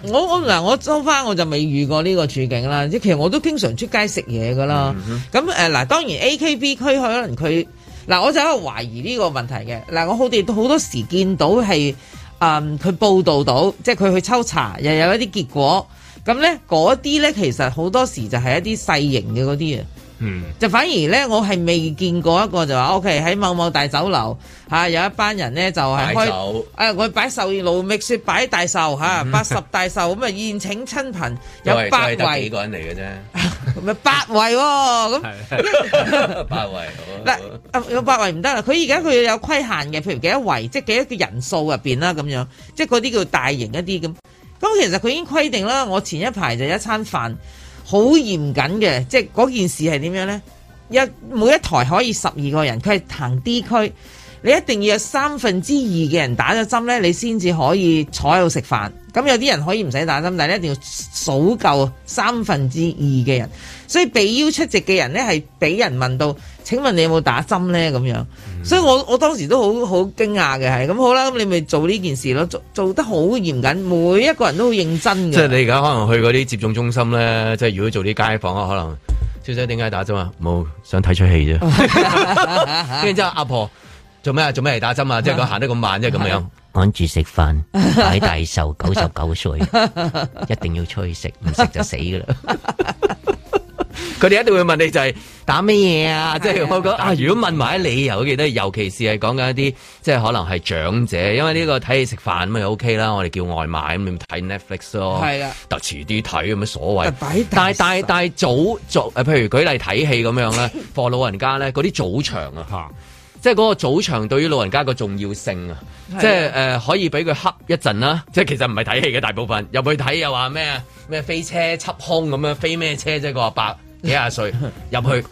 我我嗱我收翻我就未遇過呢個處境啦，即其實我都經常出街食嘢噶啦，咁誒嗱當然 A K B 區可能佢嗱、呃、我就喺度懷疑呢個問題嘅，嗱、呃、我好哋好多時見到係誒佢報道到，即係佢去抽查又有一啲結果。咁咧嗰啲咧，其實好多時就係一啲細型嘅嗰啲啊，嗯，就反而咧，我係未見過一個就話 OK 喺某某大酒樓嚇、啊、有一班人咧就係、是、開，哎早、啊，我擺壽，勞命説擺大壽嚇，八十大壽咁啊，宴 請親朋有八位有幾個人嚟嘅啫，咪 八位喎、哦，咁 八位嗱 有八位唔得啦，佢而家佢有規限嘅，譬如幾多位，即係幾多個人數入邊啦，咁樣即係嗰啲叫大型一啲咁。咁其實佢已經規定啦，我前一排就一餐飯好嚴謹嘅，即係嗰件事係點樣呢？一每一台可以十二個人，佢係行 D 區，你一定要有三分之二嘅人打咗針呢，你先至可以坐喺度食飯。咁有啲人可以唔使打針，但係一定要數夠三分之二嘅人，所以被邀出席嘅人呢，係俾人問到。請問你有冇打針咧？咁樣，嗯、所以我我當時都好好驚訝嘅，係咁、嗯、好啦，咁你咪做呢件事咯，做做得好嚴謹，每一個人都好認真嘅。即係你而家可能去嗰啲接種中心咧，即係如果做啲街坊啊，可能小姐點解打針啊？冇想睇出戲啫。跟住之後阿婆做咩？做咩嚟打針啊？即係佢行得咁慢，即係咁樣趕住食飯，擺大壽九十九歲， 一定要出去食，唔食就死噶啦。 佢哋 一定會問你就係、是、打乜嘢啊？即係我講的啊，如果問埋理由，我記得尤其是係講緊一啲即係可能係長者，因為呢個睇戲食飯咁咪 OK 啦。我哋叫外賣咁，你睇 Netflix 咯的，係啦，特遲啲睇咁咩所謂的？但係但係早早誒，譬如舉例睇戲咁樣咧，課 老人家咧，嗰啲早場啊吓。 即係嗰個早場對於老人家個重要性啊的、呃，即係誒可以俾佢恰一陣啦，即係其實唔係睇戲嘅，大部分入去睇又話咩咩飛車、緝凶咁樣，飛咩車啫，個阿伯幾廿歲入去，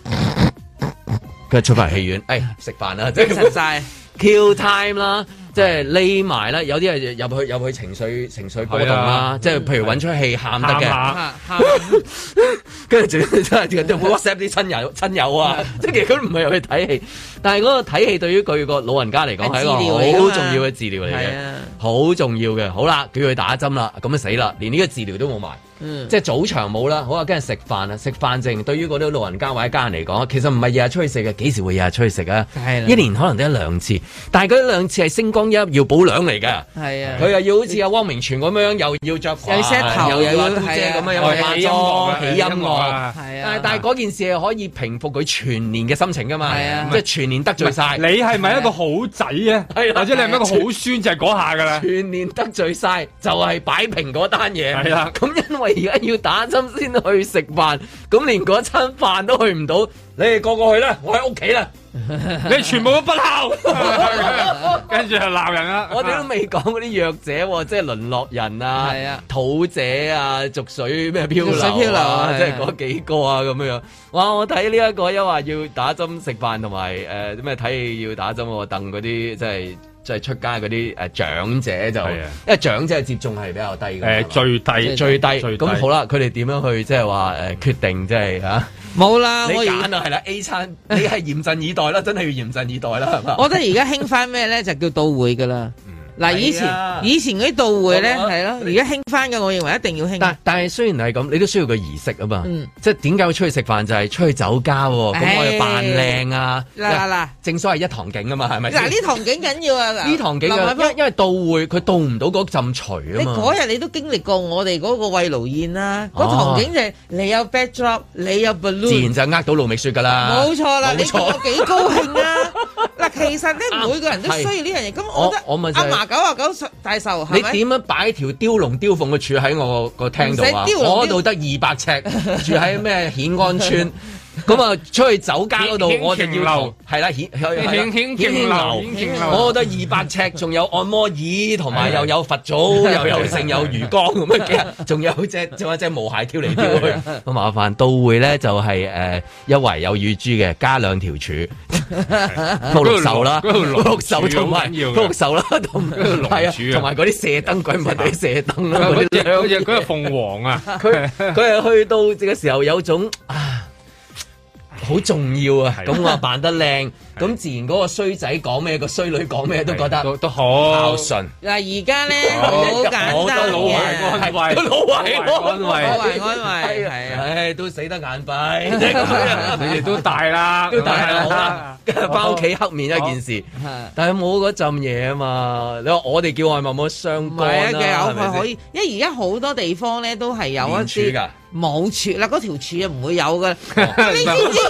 跟住 出翻戲院，誒食飯啦，即係晒 kill time 啦。即係匿埋啦，有啲係入去入去情緒情緒波動啦，啊、即係譬如揾出戲喊得嘅，跟住就真係會 WhatsApp 啲親友親友啊，即係其實佢唔係入去睇戲，但係嗰個睇戲對於佢個老人家嚟講係一個好重要嘅治療嚟嘅，好重要嘅。好啦，叫佢打針啦，咁就死啦，連呢個治療都冇埋。即係早場冇啦，好啊，跟住食飯啊，食飯正。對於嗰啲老人家或者家人嚟講，其實唔係日日出去食嘅，幾時會日日出去食啊？係一年可能得一兩次，但係嗰一兩次係星光一要補兩嚟嘅。係啊，佢又要好似阿汪明荃咁樣又要着，又要 set 頭，又要高遮咁樣樣，化妝起音樂。但係嗰件事係可以平復佢全年嘅心情噶嘛？即係全年得罪晒。你係咪一個好仔啊？或者你係咪一個好孫就係嗰下噶啦？全年得罪晒，就係擺平嗰單嘢。係啦，咁因為。而家要打針先去食飯，咁連嗰餐飯都去唔到，你哋個個去啦，我喺屋企啦，你全部都不孝，跟住就鬧人啦。我哋都未講嗰啲弱者喎，即係淪落人啊，土者啊，逐水咩漂流啊，即係嗰幾個啊咁樣。哇！我睇呢一個又話要打針食飯，同埋誒咩睇戲要打針喎，等嗰啲即係。即係出街嗰啲誒長者就，的因為長者接種係比較低嘅。誒最低最低，咁好啦，佢哋點樣去即係話誒決定即係嚇？冇、啊、啦，了你揀啊係啦以，A 餐，你係嚴陣以待啦， 真係要嚴陣以待啦，係嘛？我覺得而家興翻咩咧， 就叫到會嘅啦。嗱，以前以前嗰啲道會咧係咯，而家興翻嘅，我認為一定要興。但但係雖然係咁，你都需要個儀式啊嘛。即係點解要出去食飯就係出去酒家，咁我又扮靚啊。嗱，嗱，正所謂一堂景啊嘛，係咪？嗱，呢堂景緊要啊。呢堂景因為因為道會佢到唔到嗰陣除啊，你嗰日你都經歷過我哋嗰個慰勞宴啦，嗰堂景就係你有 backdrop，你有 balloon，自然就呃到盧美雪噶啦。冇錯啦，冇錯，幾高興啊！嗱，其實咧每個人都需要呢樣嘢，咁我我問九啊九十大壽，你點樣擺條雕龍雕鳳嘅柱喺我個廳度啊？啊雕雕我度得二百尺，住喺咩顯安村？ 咁啊，出去酒家嗰度，我哋要留係啦，顯顯顯流，我覺得二百尺，仲有按摩椅，同埋又有佛祖，又有剩有魚缸咁嘅，仲有隻仲有隻無蟹跳嚟跳去，好麻煩。到會咧就係誒一圍有乳豬嘅，加兩條柱，福祿壽啦，福祿壽同埋福祿壽啦，同埋同埋嗰啲射燈鬼唔係啲射燈啦，嗰隻隻嗰隻鳳凰啊，佢佢係去到嘅時候有種啊～好重要啊！咁的我扮得靚。咁自然嗰個衰仔講咩，個衰女講咩都覺得都好孝順。嗱，而家咧好簡單嘅，好多老懷安慰，老懷安慰，安慰唉，都死得眼閉，你哋都大啦，都大啦，包屋企黑面一件事但係冇嗰陣嘢啊嘛！你話我哋叫外貌冇相干啦，係咪先？因為而家好多地方咧都係有一支冇柱啦，嗰條柱啊唔會有噶。你知唔知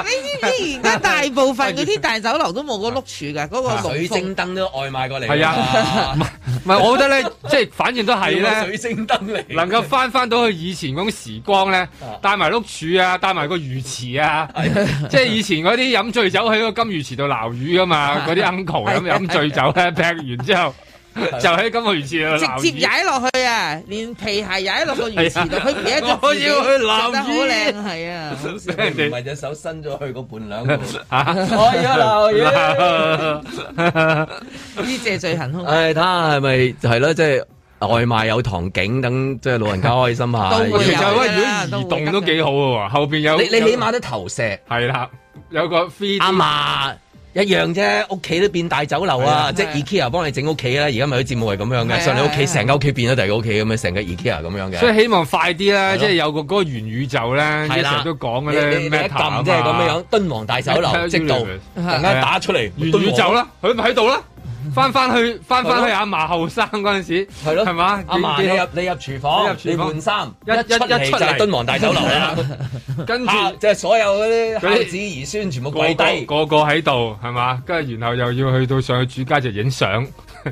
你知唔知而家大？大部分嗰啲大酒樓都冇個碌柱噶，嗰個水晶燈都外賣過嚟。係啊，唔係唔係，我覺得咧，即係反正都係咧，水晶燈嚟，能夠翻翻到去以前嗰種時光咧，帶埋碌柱啊，帶埋個魚池啊，即係的以前嗰啲飲醉酒喺個金魚池度撈魚噶嘛，嗰啲 uncle 咁飲醉酒咧劈完之後。 就喺金魚池啊！直接踩落去啊，連皮鞋踩落個魚池度，佢唔記得。我要去撈魚，食得好靚，係啊！所以人哋咪隻手伸咗去個伴娘度啊！我要撈，要呢隻最幸福。誒，睇下係咪係咯，即係外賣有糖景等，即係老人家開心下。其實喂，如果移動都幾好嘅，後邊有你你起碼都投射。係啦，有個阿嫲。一樣啫，屋企都變大酒樓啊！即係 IKEA 幫你整屋企啦，而家咪啲節目係咁樣嘅，上你屋企成間屋企變咗第二間屋企咁樣，成個 IKEA 咁樣嘅。所以希望快啲啦，即有個嗰個元宇宙咧，啲成日都講嘅，一撳即係咁樣，敦煌大酒樓即到，突然間打出嚟，元宇宙啦，佢咪喺度啦。翻翻去，翻翻去阿嫲後生嗰陣時，係咯，係嘛？阿嫲你入，你入廚房，你換衫，一出嚟就敦煌大酒樓啦。跟住即係所有嗰啲子兒孫全部跪低，個個喺度，係嘛？跟住然後又要去到上去主家就影相，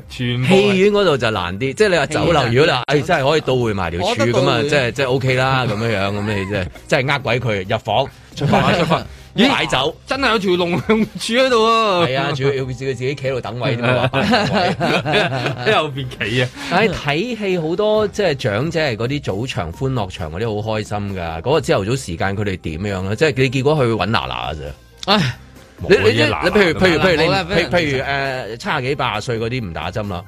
全戲院嗰度就難啲。即係你話酒樓，如果嗱，哎真係可以倒回埋條柱咁啊，即係即係 O K 啦，咁樣樣咁你即係即係呃鬼佢入房，入房。擺酒哇乃真係有條龍住喺度啊，啊！係啊，主要自己自己企喺度等位，喺 後邊企啊！喺睇戲好多，即、就、係、是、長者係嗰啲早場、歡樂場嗰啲，好開心噶。嗰、那個朝頭早時間佢哋點樣啊？即、就、係、是、你結果去搵嗱嗱嘅啫。唉，你你那那你，譬如譬如譬如，譬如你，譬如誒，七十幾八十歲嗰啲唔打針啦，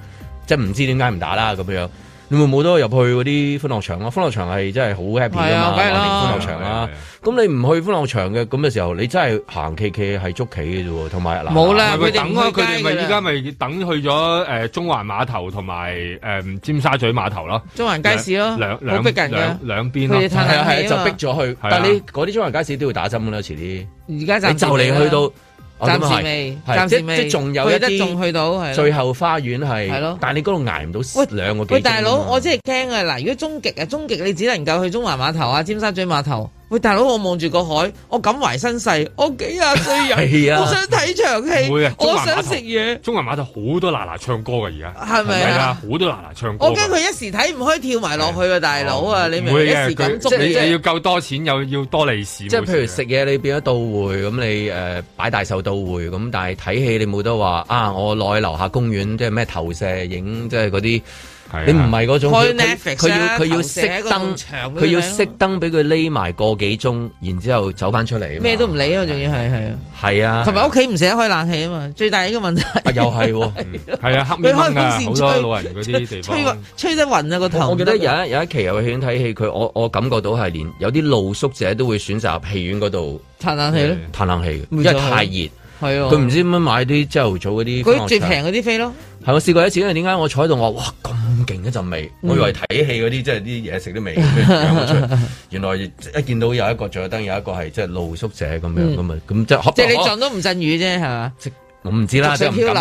即係唔知點解唔打啦咁樣。你會冇得入去嗰啲歡樂場啊？歡樂場係真係好 happy 㗎嘛！係啊，梗係歡樂場啦、啊。咁、啊啊嗯、你唔去歡樂場嘅咁嘅時候，你真係行企企係捉棋嘅啫喎，同埋嗱，冇啦、啊。佢等佢哋咪而家咪等去咗誒中環碼頭同埋誒尖沙咀碼頭咯。中環街市咯、啊，兩逼近兩兩兩邊咯、啊，係啊係啊，啊，就逼咗去。啊、但係你嗰啲中環街市都要打針㗎、啊、啦，遲啲。而家就你就嚟去到。哦、暫時未，嗯、暫時未，是即仲未有一啲，去，去到。最後花園係，係的但係你嗰度捱唔到兩個幾鍾？喂，大佬，我真係驚啊！嗱，如果終極嘅終極，你只能夠去中環碼頭啊，尖沙咀碼頭。喂，大佬，我望住個海，我感懷身世，我幾廿歲人，好想睇場戲，我想食嘢。中環碼頭好多嗱嗱唱歌嘅而家，係咪啊？係啊！好多嗱嗱唱歌。我驚佢一時睇唔開跳埋落去啊，大佬啊！你明唔明？會嘅，即係要夠多錢，又要多利是。即係譬如食嘢，你變咗到會，咁你誒擺大壽到會，咁但係睇戲你冇得話啊！我落去樓下公園，即係咩投射影，即係嗰啲。你唔係嗰種，開 Netflix，佢佢要佢要熄燈，佢要熄燈俾佢匿埋個幾鐘，然之後走返出嚟。咩都唔理啊，仲要係係啊，係啊，同埋屋企唔捨得開冷氣啊嘛，最大一個問題。又係，係啊，黑面啊，好多老人嗰啲地方吹得暈啊個頭。我記得有一有一期有去戲院睇戲，佢我我感覺到係連有啲露宿者都會選擇戲院嗰度嘆冷氣咧，嘆冷氣，因為太熱。係啊，佢唔知點樣買啲朝頭早嗰啲，佢最平嗰啲飛咯。係我試過一次，因為點解我坐喺度，我話哇咁勁一陣味，我以為睇戲嗰啲即係啲嘢食啲味，咩揚咗出，原來一見到有一個聚啊燈，有一個係即係露宿者咁樣噶嘛，咁即係即係你撞到吳鎮宇啫，係嘛？我唔知啦，唔敢肯定，可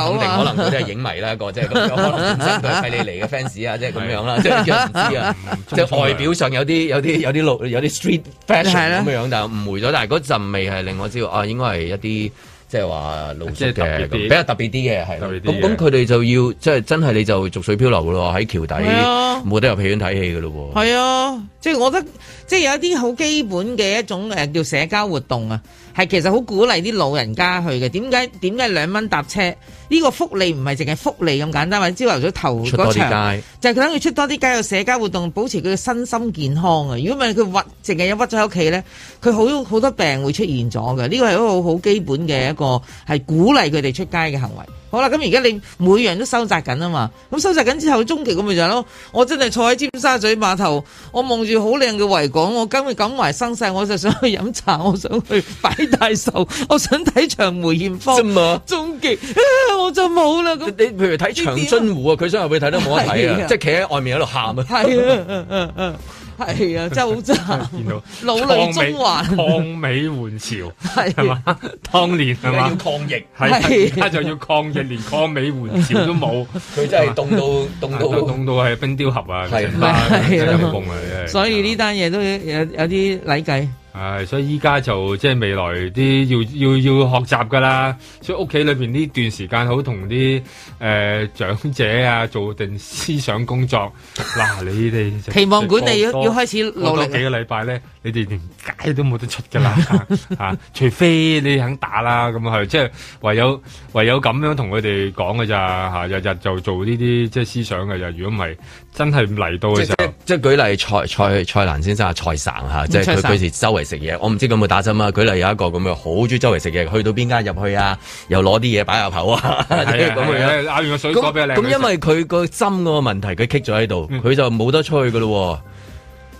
能佢真係影迷啦，一個即係咁樣，真係犀利嚟嘅 fans 啊，即係咁樣啦，即係一唔知啊，即係外表上有啲有啲有啲露有啲 street fashion 咁樣，但係誤會咗，但係嗰陣味係令我知道啊，應該係一啲。即係話老，即係比較特別啲嘅係。咁咁佢哋就要，即係真係你就逐水漂流嘅咯喎，喺橋底冇得入戲院睇戲嘅咯喎。係啊，即係我覺得，即係有一啲好基本嘅一種誒叫社交活動啊。係其實好鼓勵啲老人家去嘅，點解點解兩蚊搭車？呢個福利唔係淨係福利咁簡單，或者朝頭早頭嗰場就係佢等佢出多啲街，有社交活動，保持佢嘅身心健康啊！如果唔係佢屈，淨係屈咗喺屋企咧，佢好好多病會出現咗嘅。呢個係一個好基本嘅一個係鼓勵佢哋出街嘅行為。好啦，咁而家你每樣都收集緊啊嘛，咁收集緊之後，終極咁咪就係咯，我真係坐喺尖沙咀碼頭，我望住好靚嘅維港，我今日講埋生勢，我就想去飲茶，我想去擺大壽，我想睇場梅艷芳。麼終極啊、哎，我就冇啦。你譬如睇長津湖啊，佢想入去睇都冇得睇啊，即係企喺外面喺度喊啊。係啊， 真係好渣。見到老淚縱橫抗美援朝係嘛？當年係咪 要抗疫，係而家就要抗疫，連抗美援朝都冇。佢 真係凍到凍 到凍 到係冰雕俠啊！係、啊，真係、啊 啊、 所以呢單嘢都有有啲禮計。係、哎，所以依家就即係未來啲要要要學習噶啦。所以屋企裏邊呢段時間好同啲誒長者啊做定思想工作。嗱、啊，你哋期望管你要要開始努力。幾個禮拜咧，你哋連街都冇得出噶啦，吓、啊，除非你肯打啦，咁係、嗯、即係唯有唯有咁樣同佢哋講㗎咋吓，日日就做呢啲即係思想㗎咋。如果唔係真係唔嚟到嘅時候，即係舉例蔡蔡蔡瀾先生啊，蔡生吓，即係佢嗰時周圍。食嘢，我唔知佢有冇打針啊。佢嚟有一個咁嘅好中意周圍食嘢，去到邊間入去啊，又攞啲嘢擺入口啊。係啊，咬 的去完個水果俾你那。咁那因為佢個針嗰個問題，佢棘咗喺度，佢、嗯、就冇得出去噶咯。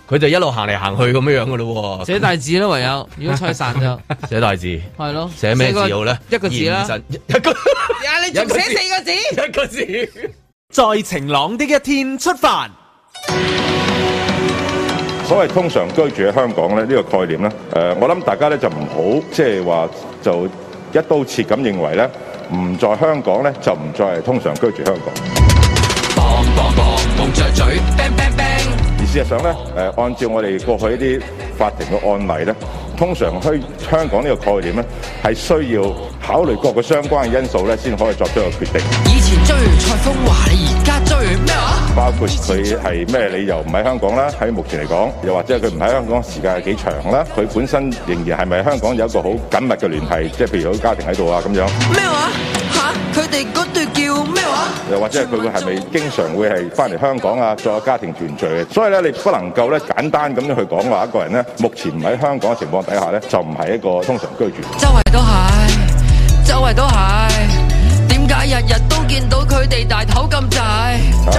佢就一路行嚟行去咁樣樣噶咯。寫、嗯、大字咯，唯有如果出散咗，寫大字係咯。寫咩 字好咧？ 一個字啦，一個。啊，你仲寫四個字？一個字。 在晴朗的一天出發。所謂通常居住喺香港咧呢個概念咧，誒我諗大家咧就唔好即係話就一刀切咁認為咧，唔在香港咧就唔再係通常居住香港。而事實上咧，誒按照我哋過去一啲法庭嘅案例咧，通常喺香港呢個概念咧係需要考慮各個相關嘅因素咧，先可以作出一個決定。以前家包括佢係咩理由唔喺香港啦？喺目前嚟講，又或者佢唔喺香港時間係幾長啦？佢本身仍然係咪香港有一個好緊密嘅聯繫？即係譬如佢家庭喺度啊咁樣。咩話？吓？佢哋嗰對叫咩話？啊、又或者佢會係咪經常會係返嚟香港啊？再有家庭團聚？嘅？所以咧，你不能夠咧簡單咁樣去講話一個人咧，目前唔喺香港嘅情況底下咧，就唔係一個通常居住。周圍都係，周圍都係。日日都見到佢哋大頭咁大。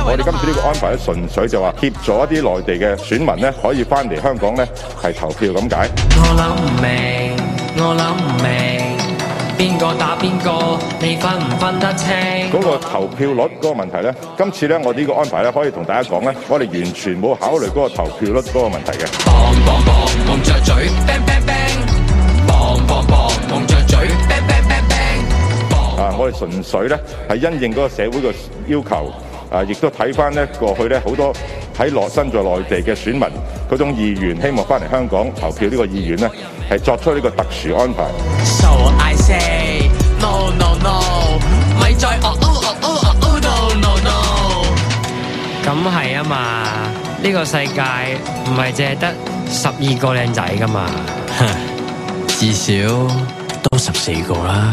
我哋今次呢個安排咧，純粹就話協助一啲內地嘅選民咧，可以翻嚟香港咧係投票咁解。我諗唔明，我諗唔明，邊個打邊個，你分唔分得清？嗰個投票率嗰個問題咧，今次咧我呢個安排咧，可以同大家講咧，我哋完全冇考慮嗰個投票率嗰個問題嘅。啊！我哋純粹咧係因應嗰個社會嘅要求，啊，亦都睇翻咧過去咧好多喺落身在內地嘅選民嗰種意願，希望翻嚟香港投票呢個意願咧，係作出呢個特殊安排。So I say no no no，咪再，哦哦哦哦哦，no no no，咁係啊嘛，呢個世界唔係淨係得十二個靚仔噶嘛，至少都十四個啦。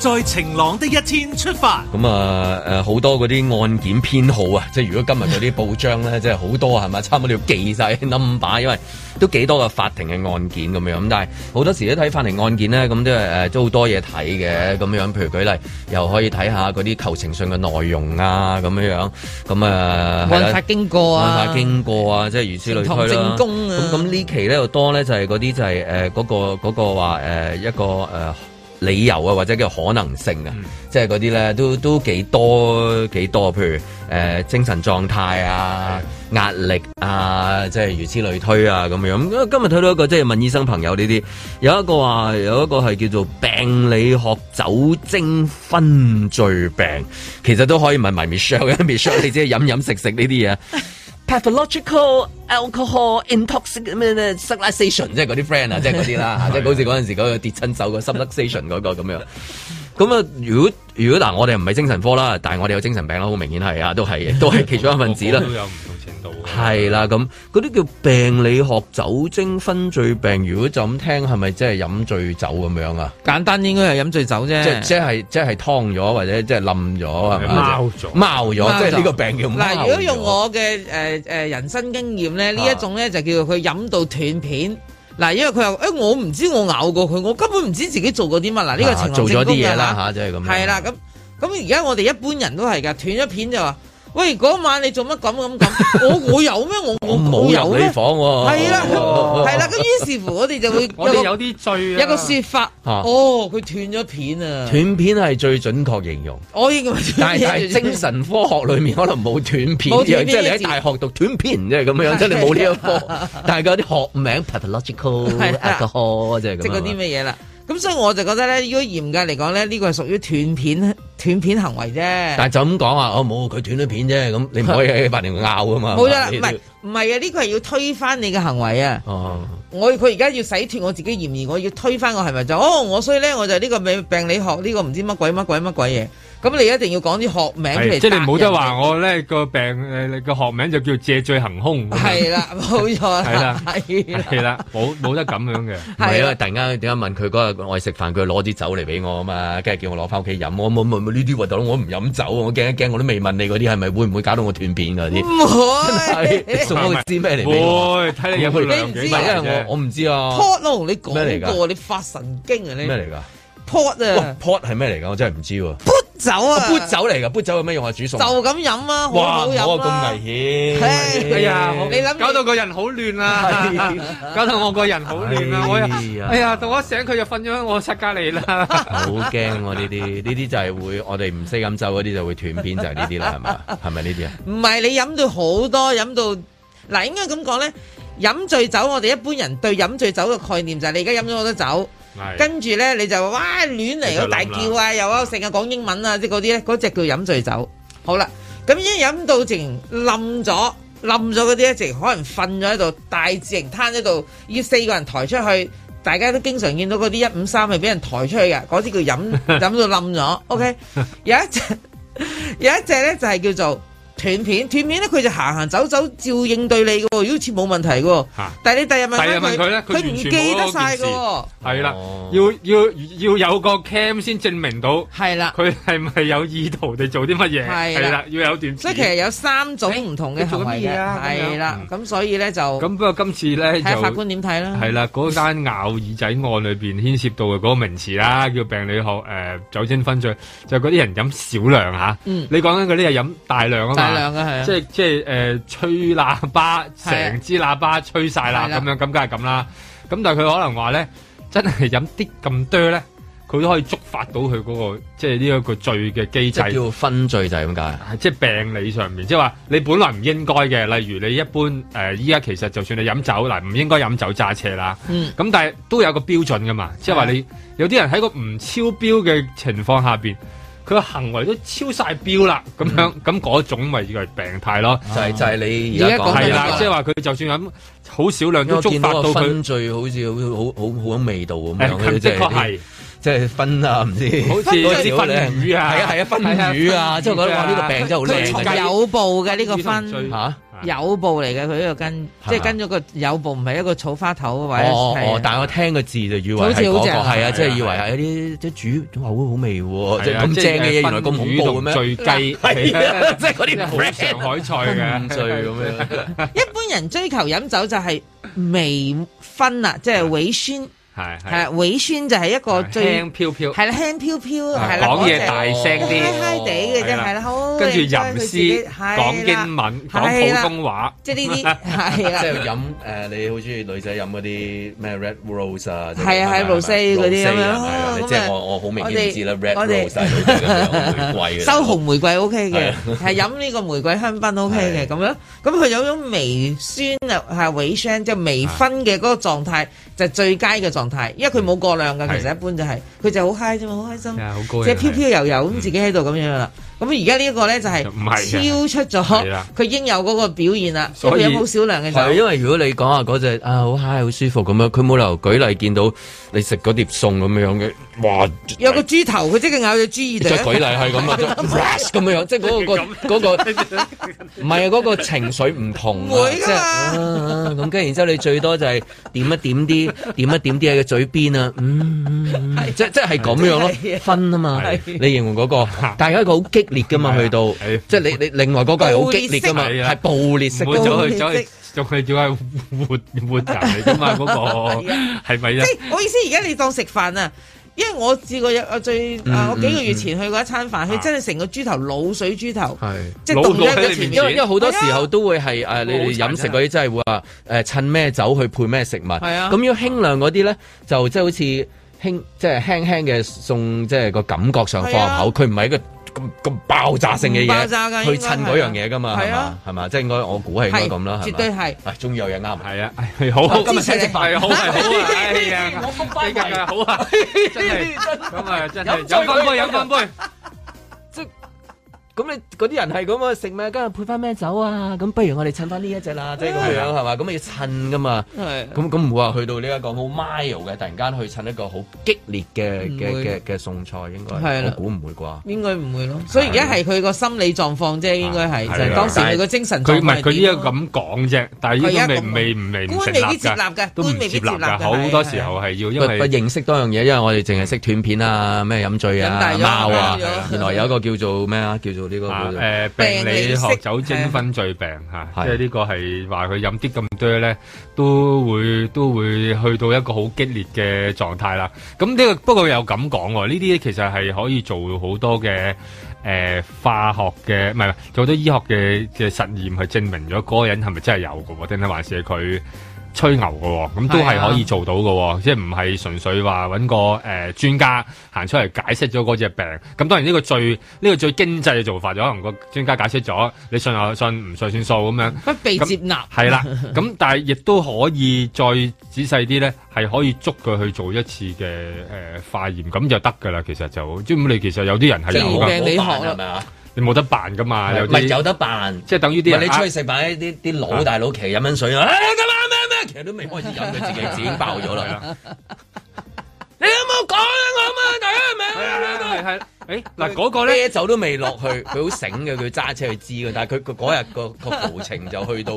在晴朗的一天出發。咁啊、嗯，誒、呃，好多嗰啲案件編號啊，即係如果今日嗰啲報章咧， 即係好多係咪？差唔多要記晒，number，因為都幾多個法庭嘅案件咁樣。咁但係好多時咧睇法庭案件咧，咁都係誒都好多嘢睇嘅咁樣。譬如舉例，又可以睇下嗰啲求情信嘅內容啊，咁樣樣。咁啊，案、呃、發經過啊，案發經過啊，即係如此類推啦。證供啊，咁咁呢期咧又多咧、就是，就係嗰啲就係誒嗰個嗰、那個話、那個那個那個那個呃、一個誒。呃呃理由啊，或者叫可能性啊，嗯、即係嗰啲咧都都幾多幾多，譬如誒、呃、精神狀態啊、壓力啊，即係如此類推啊咁樣。咁今日睇到一個即係問醫生朋友呢啲，有一個話有一個係叫做病理學酒精昏醉病，其實都可以問埋 Michelle 嘅 Michelle，你只係飲飲食食呢啲嘢。 Pathological alcohol intoxic 咩咧？subluxation 即係嗰啲 friend 啊，即係嗰啲啦嚇，即係好似嗰陣時嗰個跌親手個 subluxation 嗰個咁樣。咁啊，如果如果嗱，我哋唔係精神科啦，但係我哋有精神病啦，好明顯係啊，都係都係其中一份子啦。係啦，咁嗰啲叫病理學酒精分醉病。如果就咁聽，係咪即係飲醉酒咁樣啊？簡單應該係飲醉酒啫。即係即係即係湯咗，就是、就是或者、işte、即係冧咗啊！貓咗，貓咗，即係呢個病叫。嗱，如果用我嘅誒誒人生經驗咧，呢一種咧就叫做佢飲到斷片。嗱、啊，因為佢又誒，我唔知我咬過佢，我根本唔知自己做過啲乜。嗱、啊，呢個情況做咗啲嘢啦，吓、啊，即係咁。係、啊、啦，咁咁而家我哋一般人都係噶斷咗片就話。喂，嗰晚你做乜咁咁咁？我我有咩？我我冇有咩房？係 啦，係啦，咁於是乎我哋就會 我哋有啲醉啊，一個說法。哦，佢斷咗片啊！斷片係最準確形容。 我應，但係精神科學裏面可能冇斷片。即係你喺大學讀斷片，即係咁樣，即係你冇呢一科。 但係嗰啲學名 pathological 即係嗰啲咩嘢啦？咁、嗯、所以我就覺得咧，如果嚴格嚟講咧，呢個係屬於斷片、斷片行為啫。但係就咁講啊，我冇佢斷咗片啫，咁你唔可以喺法庭拗噶嘛？冇啦， 唔係唔係啊，呢個係要推翻你嘅行為啊。哦，我佢而家要洗脫我自己嫌疑，我要推翻我係咪就哦，我所以咧我就呢個病病理學呢、呢個唔知乜鬼乜鬼乜鬼嘢。咁你一定要講啲學名嚟，即係你冇得話我咧個病你個學名就叫借醉行凶。係啦，冇錯。係啦，係啦，冇冇得咁樣嘅。係啊，突然間點解問佢嗰日我哋食飯，佢攞啲酒嚟俾我啊嘛，跟住叫我攞翻屋企飲。我冇冇呢啲活動，我唔飲酒，我驚一驚，我都未問你嗰啲係咪會唔會搞到我斷片嗰啲。唔會，真係送我支咩嚟？唔會，睇你有冇飲嘢唔知！因為我我唔知啊。h o 你講咩嚟噶？你發神經啊！你咩嚟噶？pot 啊，pot 係咩嚟噶？我真係唔知喎，啊。砵酒啊，砵酒嚟噶，砵酒有咩用啊？煮餸就咁飲啊，好飲啊。哇，我啊咁危險，係啊，你諗搞到個人好亂啊，搞到我個人好亂啊，我哎呀，到一醒佢就瞓咗喺我室隔籬啦。好驚喎，呢啲呢啲就係會我哋唔識飲酒嗰啲就會斷片，就係呢啲啦，係嘛？係咪呢啲啊？唔係你飲到好多，飲到嗱，應該咁講咧，飲醉酒我哋一般人對飲醉酒嘅概念就係，你而家飲咗好多酒。跟住呢，你就哇亂嚟，又大叫啊，又啊，成日講英文啊，即係嗰啲呢，嗰隻叫飲醉酒。好啦，咁一飲到成冧咗，冧咗嗰啲咧，直可能瞓咗喺度，大字型攤喺度，要四個人抬出去。大家都經常見到嗰啲一五三係俾人抬出去嘅，嗰啲叫飲飲 到冧咗。OK， 有一隻 有一隻呢，就係叫做。斷片斷片咧，佢就行行走走，照應對你嘅喎，好似冇問題喎。但係你第日問第日問佢，佢唔記得晒嘅喎。係啦，要要要有個 cam 先證明到。係啦，佢係咪有意圖地做啲乜嘢？係啦，要有段片。即係其實有三種唔同嘅行為嘅。係啦，咁所以咧就咁，不過今次咧就法官點睇咧？係啦，嗰間咬耳仔案裏邊牽涉到嘅嗰個名詞啦，叫病理學誒酒精分醉，就嗰啲人飲少量嚇。你講緊嗰啲係飲大量啊嘛。即係即係誒，吹喇叭，成支喇叭吹晒的啦，咁樣咁，梗係咁啦。咁但係佢可能話咧，真係飲啲咁多咧，佢都可以觸發到佢嗰、嗰個即係呢一個醉嘅機制。即係叫分醉就係咁解。即係病理上面，即係話你本來唔應該嘅，例如你一般誒，依、呃、家其實就算你飲酒嗱，唔應該飲酒揸車啦。嗯。咁但係都有個標準噶嘛，即係話你的有啲人喺個唔超標嘅情況下邊。佢個行為都超晒標啦，咁樣咁嗰種咪以為病態咯。就係就係你係啦，即係話佢就算咁好少量都觸發到佢。好似好好好好味道咁樣嘅，即係即係分啊唔知。好似分魚啊，係啊係啊分魚啊，即係覺得哇呢個病真係好靚。有報嘅呢個分嚇。有部嚟嘅，佢呢個跟即係跟咗個有部，唔係一個草花頭位。哦但係我聽個字就以為係嗰個，好似好正，係啊，即係以為係啲即係煮，哇，好好味喎！咁正嘅嘢，原來咁恐怖嘅咩？醉雞，即係嗰啲上海菜嘅，醉咁樣。一般人追求飲酒就係微醺啊，即係微酸。係係啊，微酸就係一個最輕飄飄，係啦輕飄飄，係啦講嘢大聲啲，嗨嗨哋嘅啫，係啦好。跟住吟詩，講英文，講普通話，即係呢啲係啦。即係飲誒，你好中意女仔飲嗰啲咩 Red Rose 啊？係啊係，Rose 嗰啲咁樣。即係我我好明顯知啦，Red Rose 係玫瑰。收紅玫瑰 OK 嘅，係飲呢個玫瑰香檳 OK 嘅咁樣。咁佢有種微酸啊，係微酸即係微醺嘅嗰個狀態。就係最佳嘅狀態，因為佢冇過量嘅，嗯、其實一般就係、是、佢是就好嗨 i 啫嘛，好開心，即係飄飄悠悠咁自己喺度咁樣啦。咁而家呢一個咧就係超出咗佢應有嗰個表現啦，入面好少量嘅就係因為如果你講下嗰隻啊好嗨，好舒服咁樣，佢冇理由舉例見到你食嗰碟餸咁樣嘅。嗯哇！有個豬頭，佢即係咬咗豬耳仔。即係舉例係咁啊，rush 咁樣樣，即係嗰個個嗰個唔係啊，嗰個情緒唔同啊，即係咁。咁跟然之後，你最多就係點一點啲，點一點啲喺個嘴邊啊，嗯，即係即係係咁樣咯，分啊嘛。你形容嗰個，但係一個好激烈噶嘛，去到即係你你另外嗰個係好激烈噶嘛，係暴烈式咗，走去走去仲係仲係活活人嚟噶嘛，嗰個係咪啊？即係我意思，而家你當食飯啊。因為我試過有我最，啊，我幾個月前去過一餐飯，佢，嗯嗯，真係成個豬頭滷水豬頭，是即係凍喺因為好多時候都會係誒，啊，你哋飲食嗰啲真係會話誒趁咩酒去配咩食物，咁要，啊，輕量嗰啲咧就即係好似輕即係，就是，輕輕嘅餸，即，就，係，是，個感覺上放入口，佢唔係一個。咁咁爆炸性嘅嘢，去襯嗰樣嘢噶嘛，係嘛，係嘛，即係應該我估係應該咁啦，係嘛。絕對係，終於有嘢啱，係啊，好，今日真係好，係好啊，哎呀，我咁快噶，好啊，真係，咁啊，真係，飲翻杯，飲翻杯。咁你嗰啲人係咁啊食咩？跟住配翻咩酒啊？咁不如我哋襯翻呢一隻啦，即係咁樣係嘛？咁要襯噶嘛？咁咁唔會話去到呢一個好 mild 嘅，突然間去襯一個好激烈嘅嘅嘅嘅餸菜應該係啦，我估唔會啩？應該唔會咯。所以而家係佢個心理狀況啫，應該係。係啦，當時佢個精神佢唔係佢依家咁講啫，但係依家未未唔未接納㗎。都唔接納㗎。好多時候係要因為認識多樣嘢，因為我哋淨係識斷片啊、咩飲醉啊、貓啊，原來有一個叫做咩啊，叫做。啊！誒、呃，病理學酒精分醉病嚇，病啊、即係呢個係話佢飲啲咁多咧，都會都會去到一個好激烈嘅狀態啦。咁呢、呢個不過有咁講喎，呢啲其實係可以做好多嘅誒、呃、化學嘅，唔係做好多醫學嘅嘅實驗去證明咗嗰個人係咪真係有嘅喎？定定還是係佢？吹牛嘅，咁都係可以做到嘅，即係唔係純粹話搵個誒專家行出嚟，解釋咗嗰隻病。咁當然呢個最呢個最經濟嘅做法，就可能個專家解釋咗，你信就信，唔信算數咁樣。不被接納。係啦，咁但係亦都可以再仔細啲咧，係可以捉佢去做一次嘅誒化驗，咁就得噶啦。其實就即你其實有啲人係即係我病你行係咪，你冇得辦噶嘛，唔係有得辦，即係等於啲你出去食飯啲啲老大佬企飲緊水啊，咁其實都未開始飲，佢自己已經爆咗啦。你有冇講啊我啊？大家明啊？係係。誒嗱嗰個咧，啤酒都未落去，佢好醒嘅，佢揸車去知嘅。但係佢佢嗰日個個流程就去到，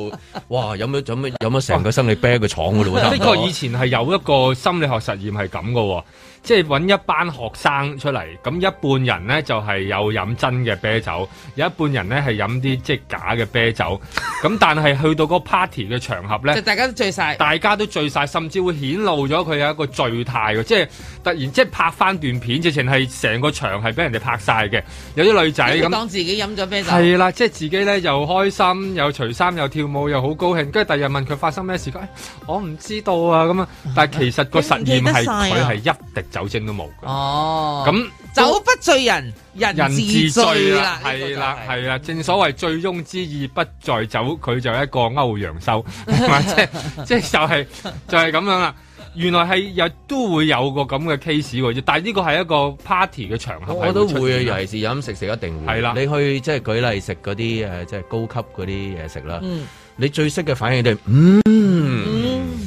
哇！有冇飲乜飲乜成個生理啤喺個廠嗰度。的確，以前係有一個心理學實驗係咁嘅，即係揾一班學生出嚟，咁一半人呢就係有飲真嘅啤酒，有一半人呢係飲啲即係假嘅啤酒。咁但係去到個 party 嘅場合咧，就 大家都醉晒，大家都醉晒，甚至會顯露咗佢有一個醉態嘅，即係突然即係拍翻段片，直情係成個場係。人哋拍晒嘅，有啲女仔咁，當自己飲咗啤酒，係啦，即係自己咧又開心，又除衫，又跳舞，又好高興。跟住第日問佢發生咩事，佢、哎：我唔知道啊。咁啊，但係其實個實驗係佢係一滴酒精都冇㗎。哦，咁酒樣不醉人，人自醉啦。係啦，係啦是，正所謂醉翁之意不在酒，佢就係一個歐陽修， 即即就係、是、就係咁樣啦。就是原來係又都會有個咁嘅 case，但係呢個係一個 party 嘅場合，我都會啊，尤其是飲食食一定會。係啦，你去即係舉例食嗰啲誒，即係高級嗰啲嘢食啦。嗯，你最識嘅反應就係嗯嗯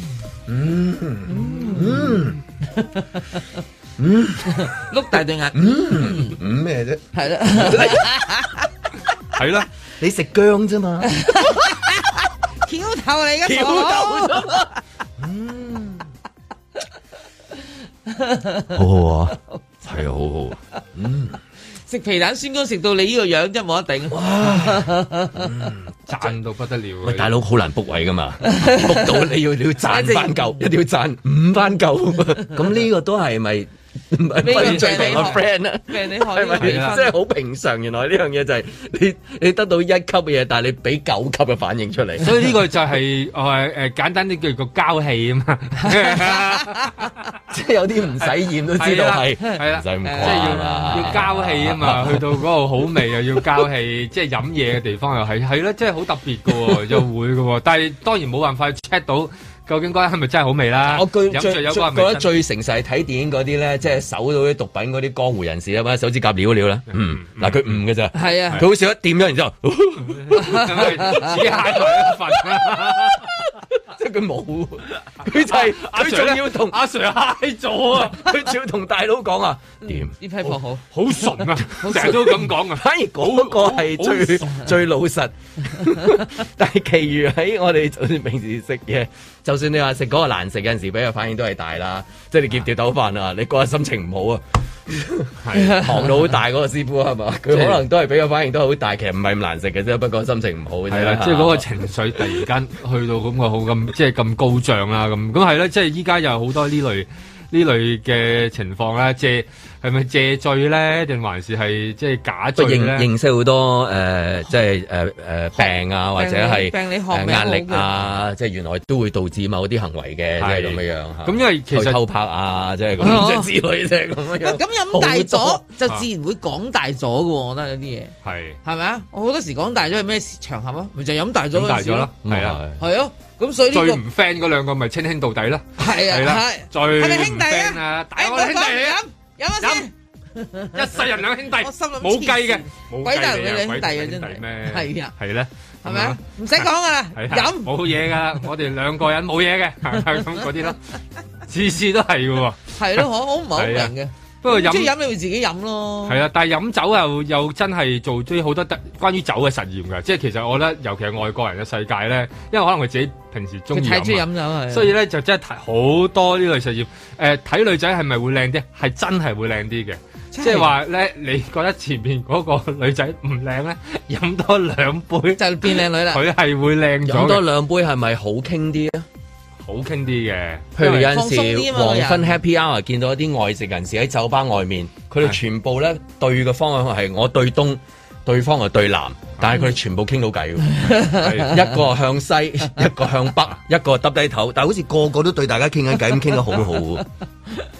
嗯嗯嗯，碌大對眼嗯咩啫？係啦，係啦，你食薑啫嘛？橋頭嚟嘅，橋頭，嗯。 好好啊，係 啊，好好、啊、嗯，食皮蛋酸糕食到你呢個樣一冇得頂，賺、 嗯、到不得了、啊。喂， 大佬好難卜位噶嘛，卜到你，你要你要賺翻夠，一定要賺五翻夠，咁 呢、嗯這個都係咪？唔係個 friend 啊！即係好平常，原來呢樣嘢就係你你得到一級嘅嘢，但係你俾九級嘅反應出嚟。 所以呢個就係誒誒簡單啲叫做個交氣啊嘛！ 即係有啲唔使驗都知道係係啦，即係、 啊啊、要要交氣啊嘛！ 去到嗰個好味又要交氣， 即係飲嘢嘅地方又係係啦，即係好特別嘅喎，又會嘅喎。但係當然冇辦法去 check 到。究竟嗰一係咪真係好味啦？我最最最覺得最誠實睇電影嗰啲咧，即係搜到啲毒品嗰啲江湖人士啊，手指甲撩一撩啦。嗯，嗱佢唔嘅咋？係啊，佢好少掂咗，然之後，自己 i r 揩台一份，即係佢冇，佢就佢仲要同阿 Sir 揩咗啊，佢仲要同大佬講啊，點？呢批貨好，好純啊，成日都咁講啊，反而嗰個係最最老實，但係其餘喺我哋就算平時食嘢。就算你話食嗰個難食，有陣時畀個反應都係大啦，即係你攪掉豆飯啊，你嗰日心情唔好啊， 行到好大嗰個師傅係嘛，佢可能都係畀個反應都好大，其實唔係咁難食嘅啫，不過心情唔好嘅啫，即係嗰個情緒突然間 去到咁個好咁，即係咁高漲啦咁，咁係咧，即係依家有好多呢類呢類嘅情況啦，即係。係咪借罪咧？定還是係即係假罪咧？不認認識好多誒、呃，即係誒誒病啊，或者係病理學壓力啊，即係原來都會導致某啲行為嘅，的即係咁嘅樣咁因為其實偷拍啊，即係咁之類，咁、啊、樣、啊。咁飲、啊啊、大咗就自然會講大咗嘅，我覺得有啲嘢係係咪啊？我好多時講大咗係咩場合啊？咪就飲大咗嗰陣時咯，係啊，係啊。咁所以最唔 friend 嗰兩個咪稱兄道弟咯，係啊，係啦，最係咪兄弟啊？大、 啊、兄弟啊！飲啦先，一世人兩兄弟，冇計嘅，鬼大人嚟嘅，兩兄弟啊真係，係啊，係咧，係咪啊？唔使講噶啦，飲冇嘢噶，我哋兩個人冇嘢嘅，咁嗰啲咯，次次都係嘅喎，係咯，好唔好人嘅。即係飲你會自己飲咯，係啊！但係飲酒又又真係做咗好多特關於酒嘅實驗嘅，即係其實我覺得尤其係外國人嘅世界咧，因為可能佢自己平時中意飲酒，所以咧就真係睇好多呢類實驗。誒、呃，睇女仔係咪會靚啲？係真係會靚啲嘅，的即係話咧，你覺得前面嗰個女仔唔靚咧，飲多兩杯就變靚女啦。佢係會靚，飲多兩杯係咪好傾啲咧？好傾啲嘅，譬如有陣時黃昏 happy hour 見到一啲外籍人士喺酒吧外面，佢哋全部咧對嘅方向係我對東，的對方啊對南，但係佢哋全部傾到偈，嗯、一個向西， 一個向北， 一個耷低頭，但係好似個個都對大家傾緊偈咁，傾得好好喎。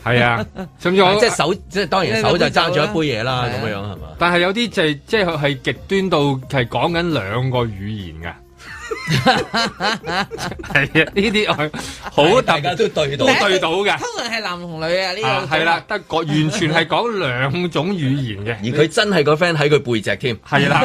係啊，甚至我即係手，即係當然手就揸住一杯嘢啦咁樣係嘛。但係有啲就係即係係極端到係講緊兩個語言嘅。係啊，呢啲我好大家都對到對到嘅，通常係男同女啊呢個係啦，得講完全係講兩種語言嘅，而佢真係個 friend 喺佢背脊添，係啦，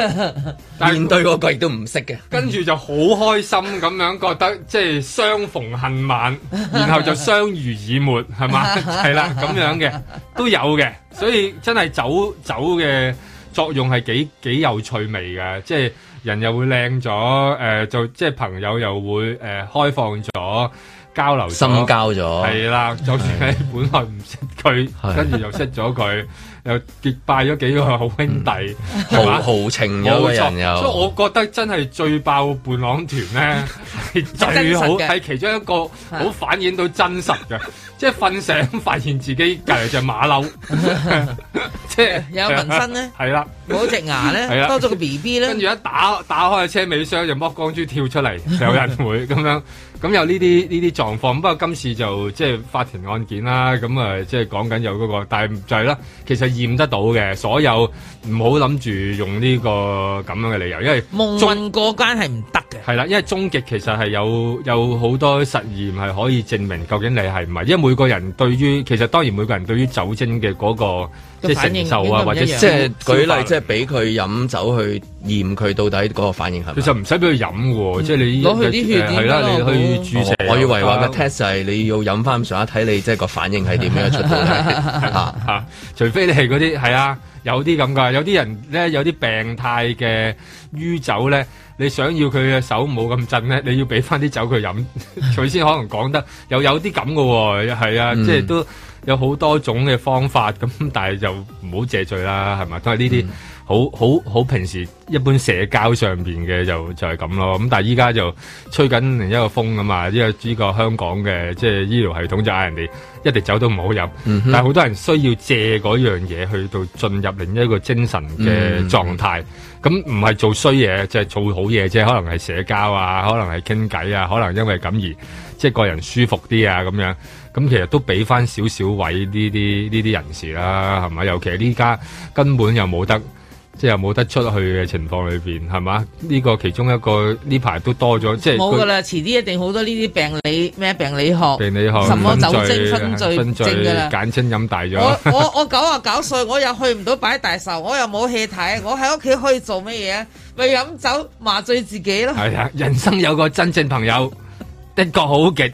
但對嗰個亦都唔識嘅，跟住就好開心咁樣覺得，即係相逢恨晚，然後就相濡以沫，係嘛，係啦咁樣嘅都有嘅，所以真係走走嘅。作用係幾幾有趣味嘅，即係人又會靚咗，誒、呃、就即係朋友又會誒、呃、開放咗交流，深交咗係啦。就算係本來唔識佢， 跟住又識咗佢， 又結拜咗幾個好兄弟，好、嗯、吧豪情嘅朋友。作所以，我覺得真係最爆伴郎團咧，係 最好，係其中一個好反映到真實嘅。 即係瞓醒發現自己隔離隻馬騮，即係有紋身咧，係啦，冇隻牙咧，多咗個 B B 咧，跟住一打打開車尾箱就剝光豬跳出嚟，有人會咁樣，咁有呢啲呢啲狀況。咁不過今次就即係法庭案件啦，咁啊即係講緊有嗰個，但係就係啦，其實驗得到嘅所有，唔好諗住用呢個咁樣嘅理由，因為蒙混過關係唔得嘅。係啦，因為終極其實係有有好多實驗係可以證明究竟你係唔係，因為每每個人對於其實當然每個人對於酒精嘅嗰個即係承受啊，或者即係舉例，即係俾佢飲酒去驗佢到底嗰個反應係。其實唔使俾佢飲嘅，即係你攞佢啲血啲，係啦，你去注射。我以為話個 test 就係你要飲翻上一睇你即係個反應係點樣出嚟。吓，除非你係嗰啲係啊。有啲咁噶，有啲人咧有啲病態嘅酗酒咧，你想要佢嘅手冇咁震咧，你要俾翻啲酒佢飲，佢 先可能講得又有啲咁噶，係啊，嗯、即係都有好多種嘅方法咁， 但係就唔好謝罪啦，係咪？都係呢啲好好好，好平時一般社交上邊嘅就就係咁咯。咁但係依家就吹緊另一個風啊嘛，因為呢個香港嘅即係醫療系統就嗌人哋。一滴酒都唔好飲，但係好多人需要借嗰樣嘢去到進入另一個精神嘅狀態，咁唔係做衰嘢，即係做好嘢啫。可能係社交啊，可能係傾偈啊，可能因為咁而即係個人舒服啲啊咁樣，咁其實都俾翻少少位呢啲呢啲人士啦，係咪？尤其係依家根本又冇得。即係又冇得出去嘅情況裏邊，係嘛？呢個其中一個呢排都多咗，即係冇噶啦！它遲啲一定好多呢啲病理咩病理學，病理學什麼酒精，酒精分醉分醉簡稱飲大咗。我我我九啊九歲，我又去唔到擺大壽，我又冇戲睇，我喺屋企可以做咩嘢？咪飲酒麻醉自己咯。係啊，人生有個真正朋友， 的確好極。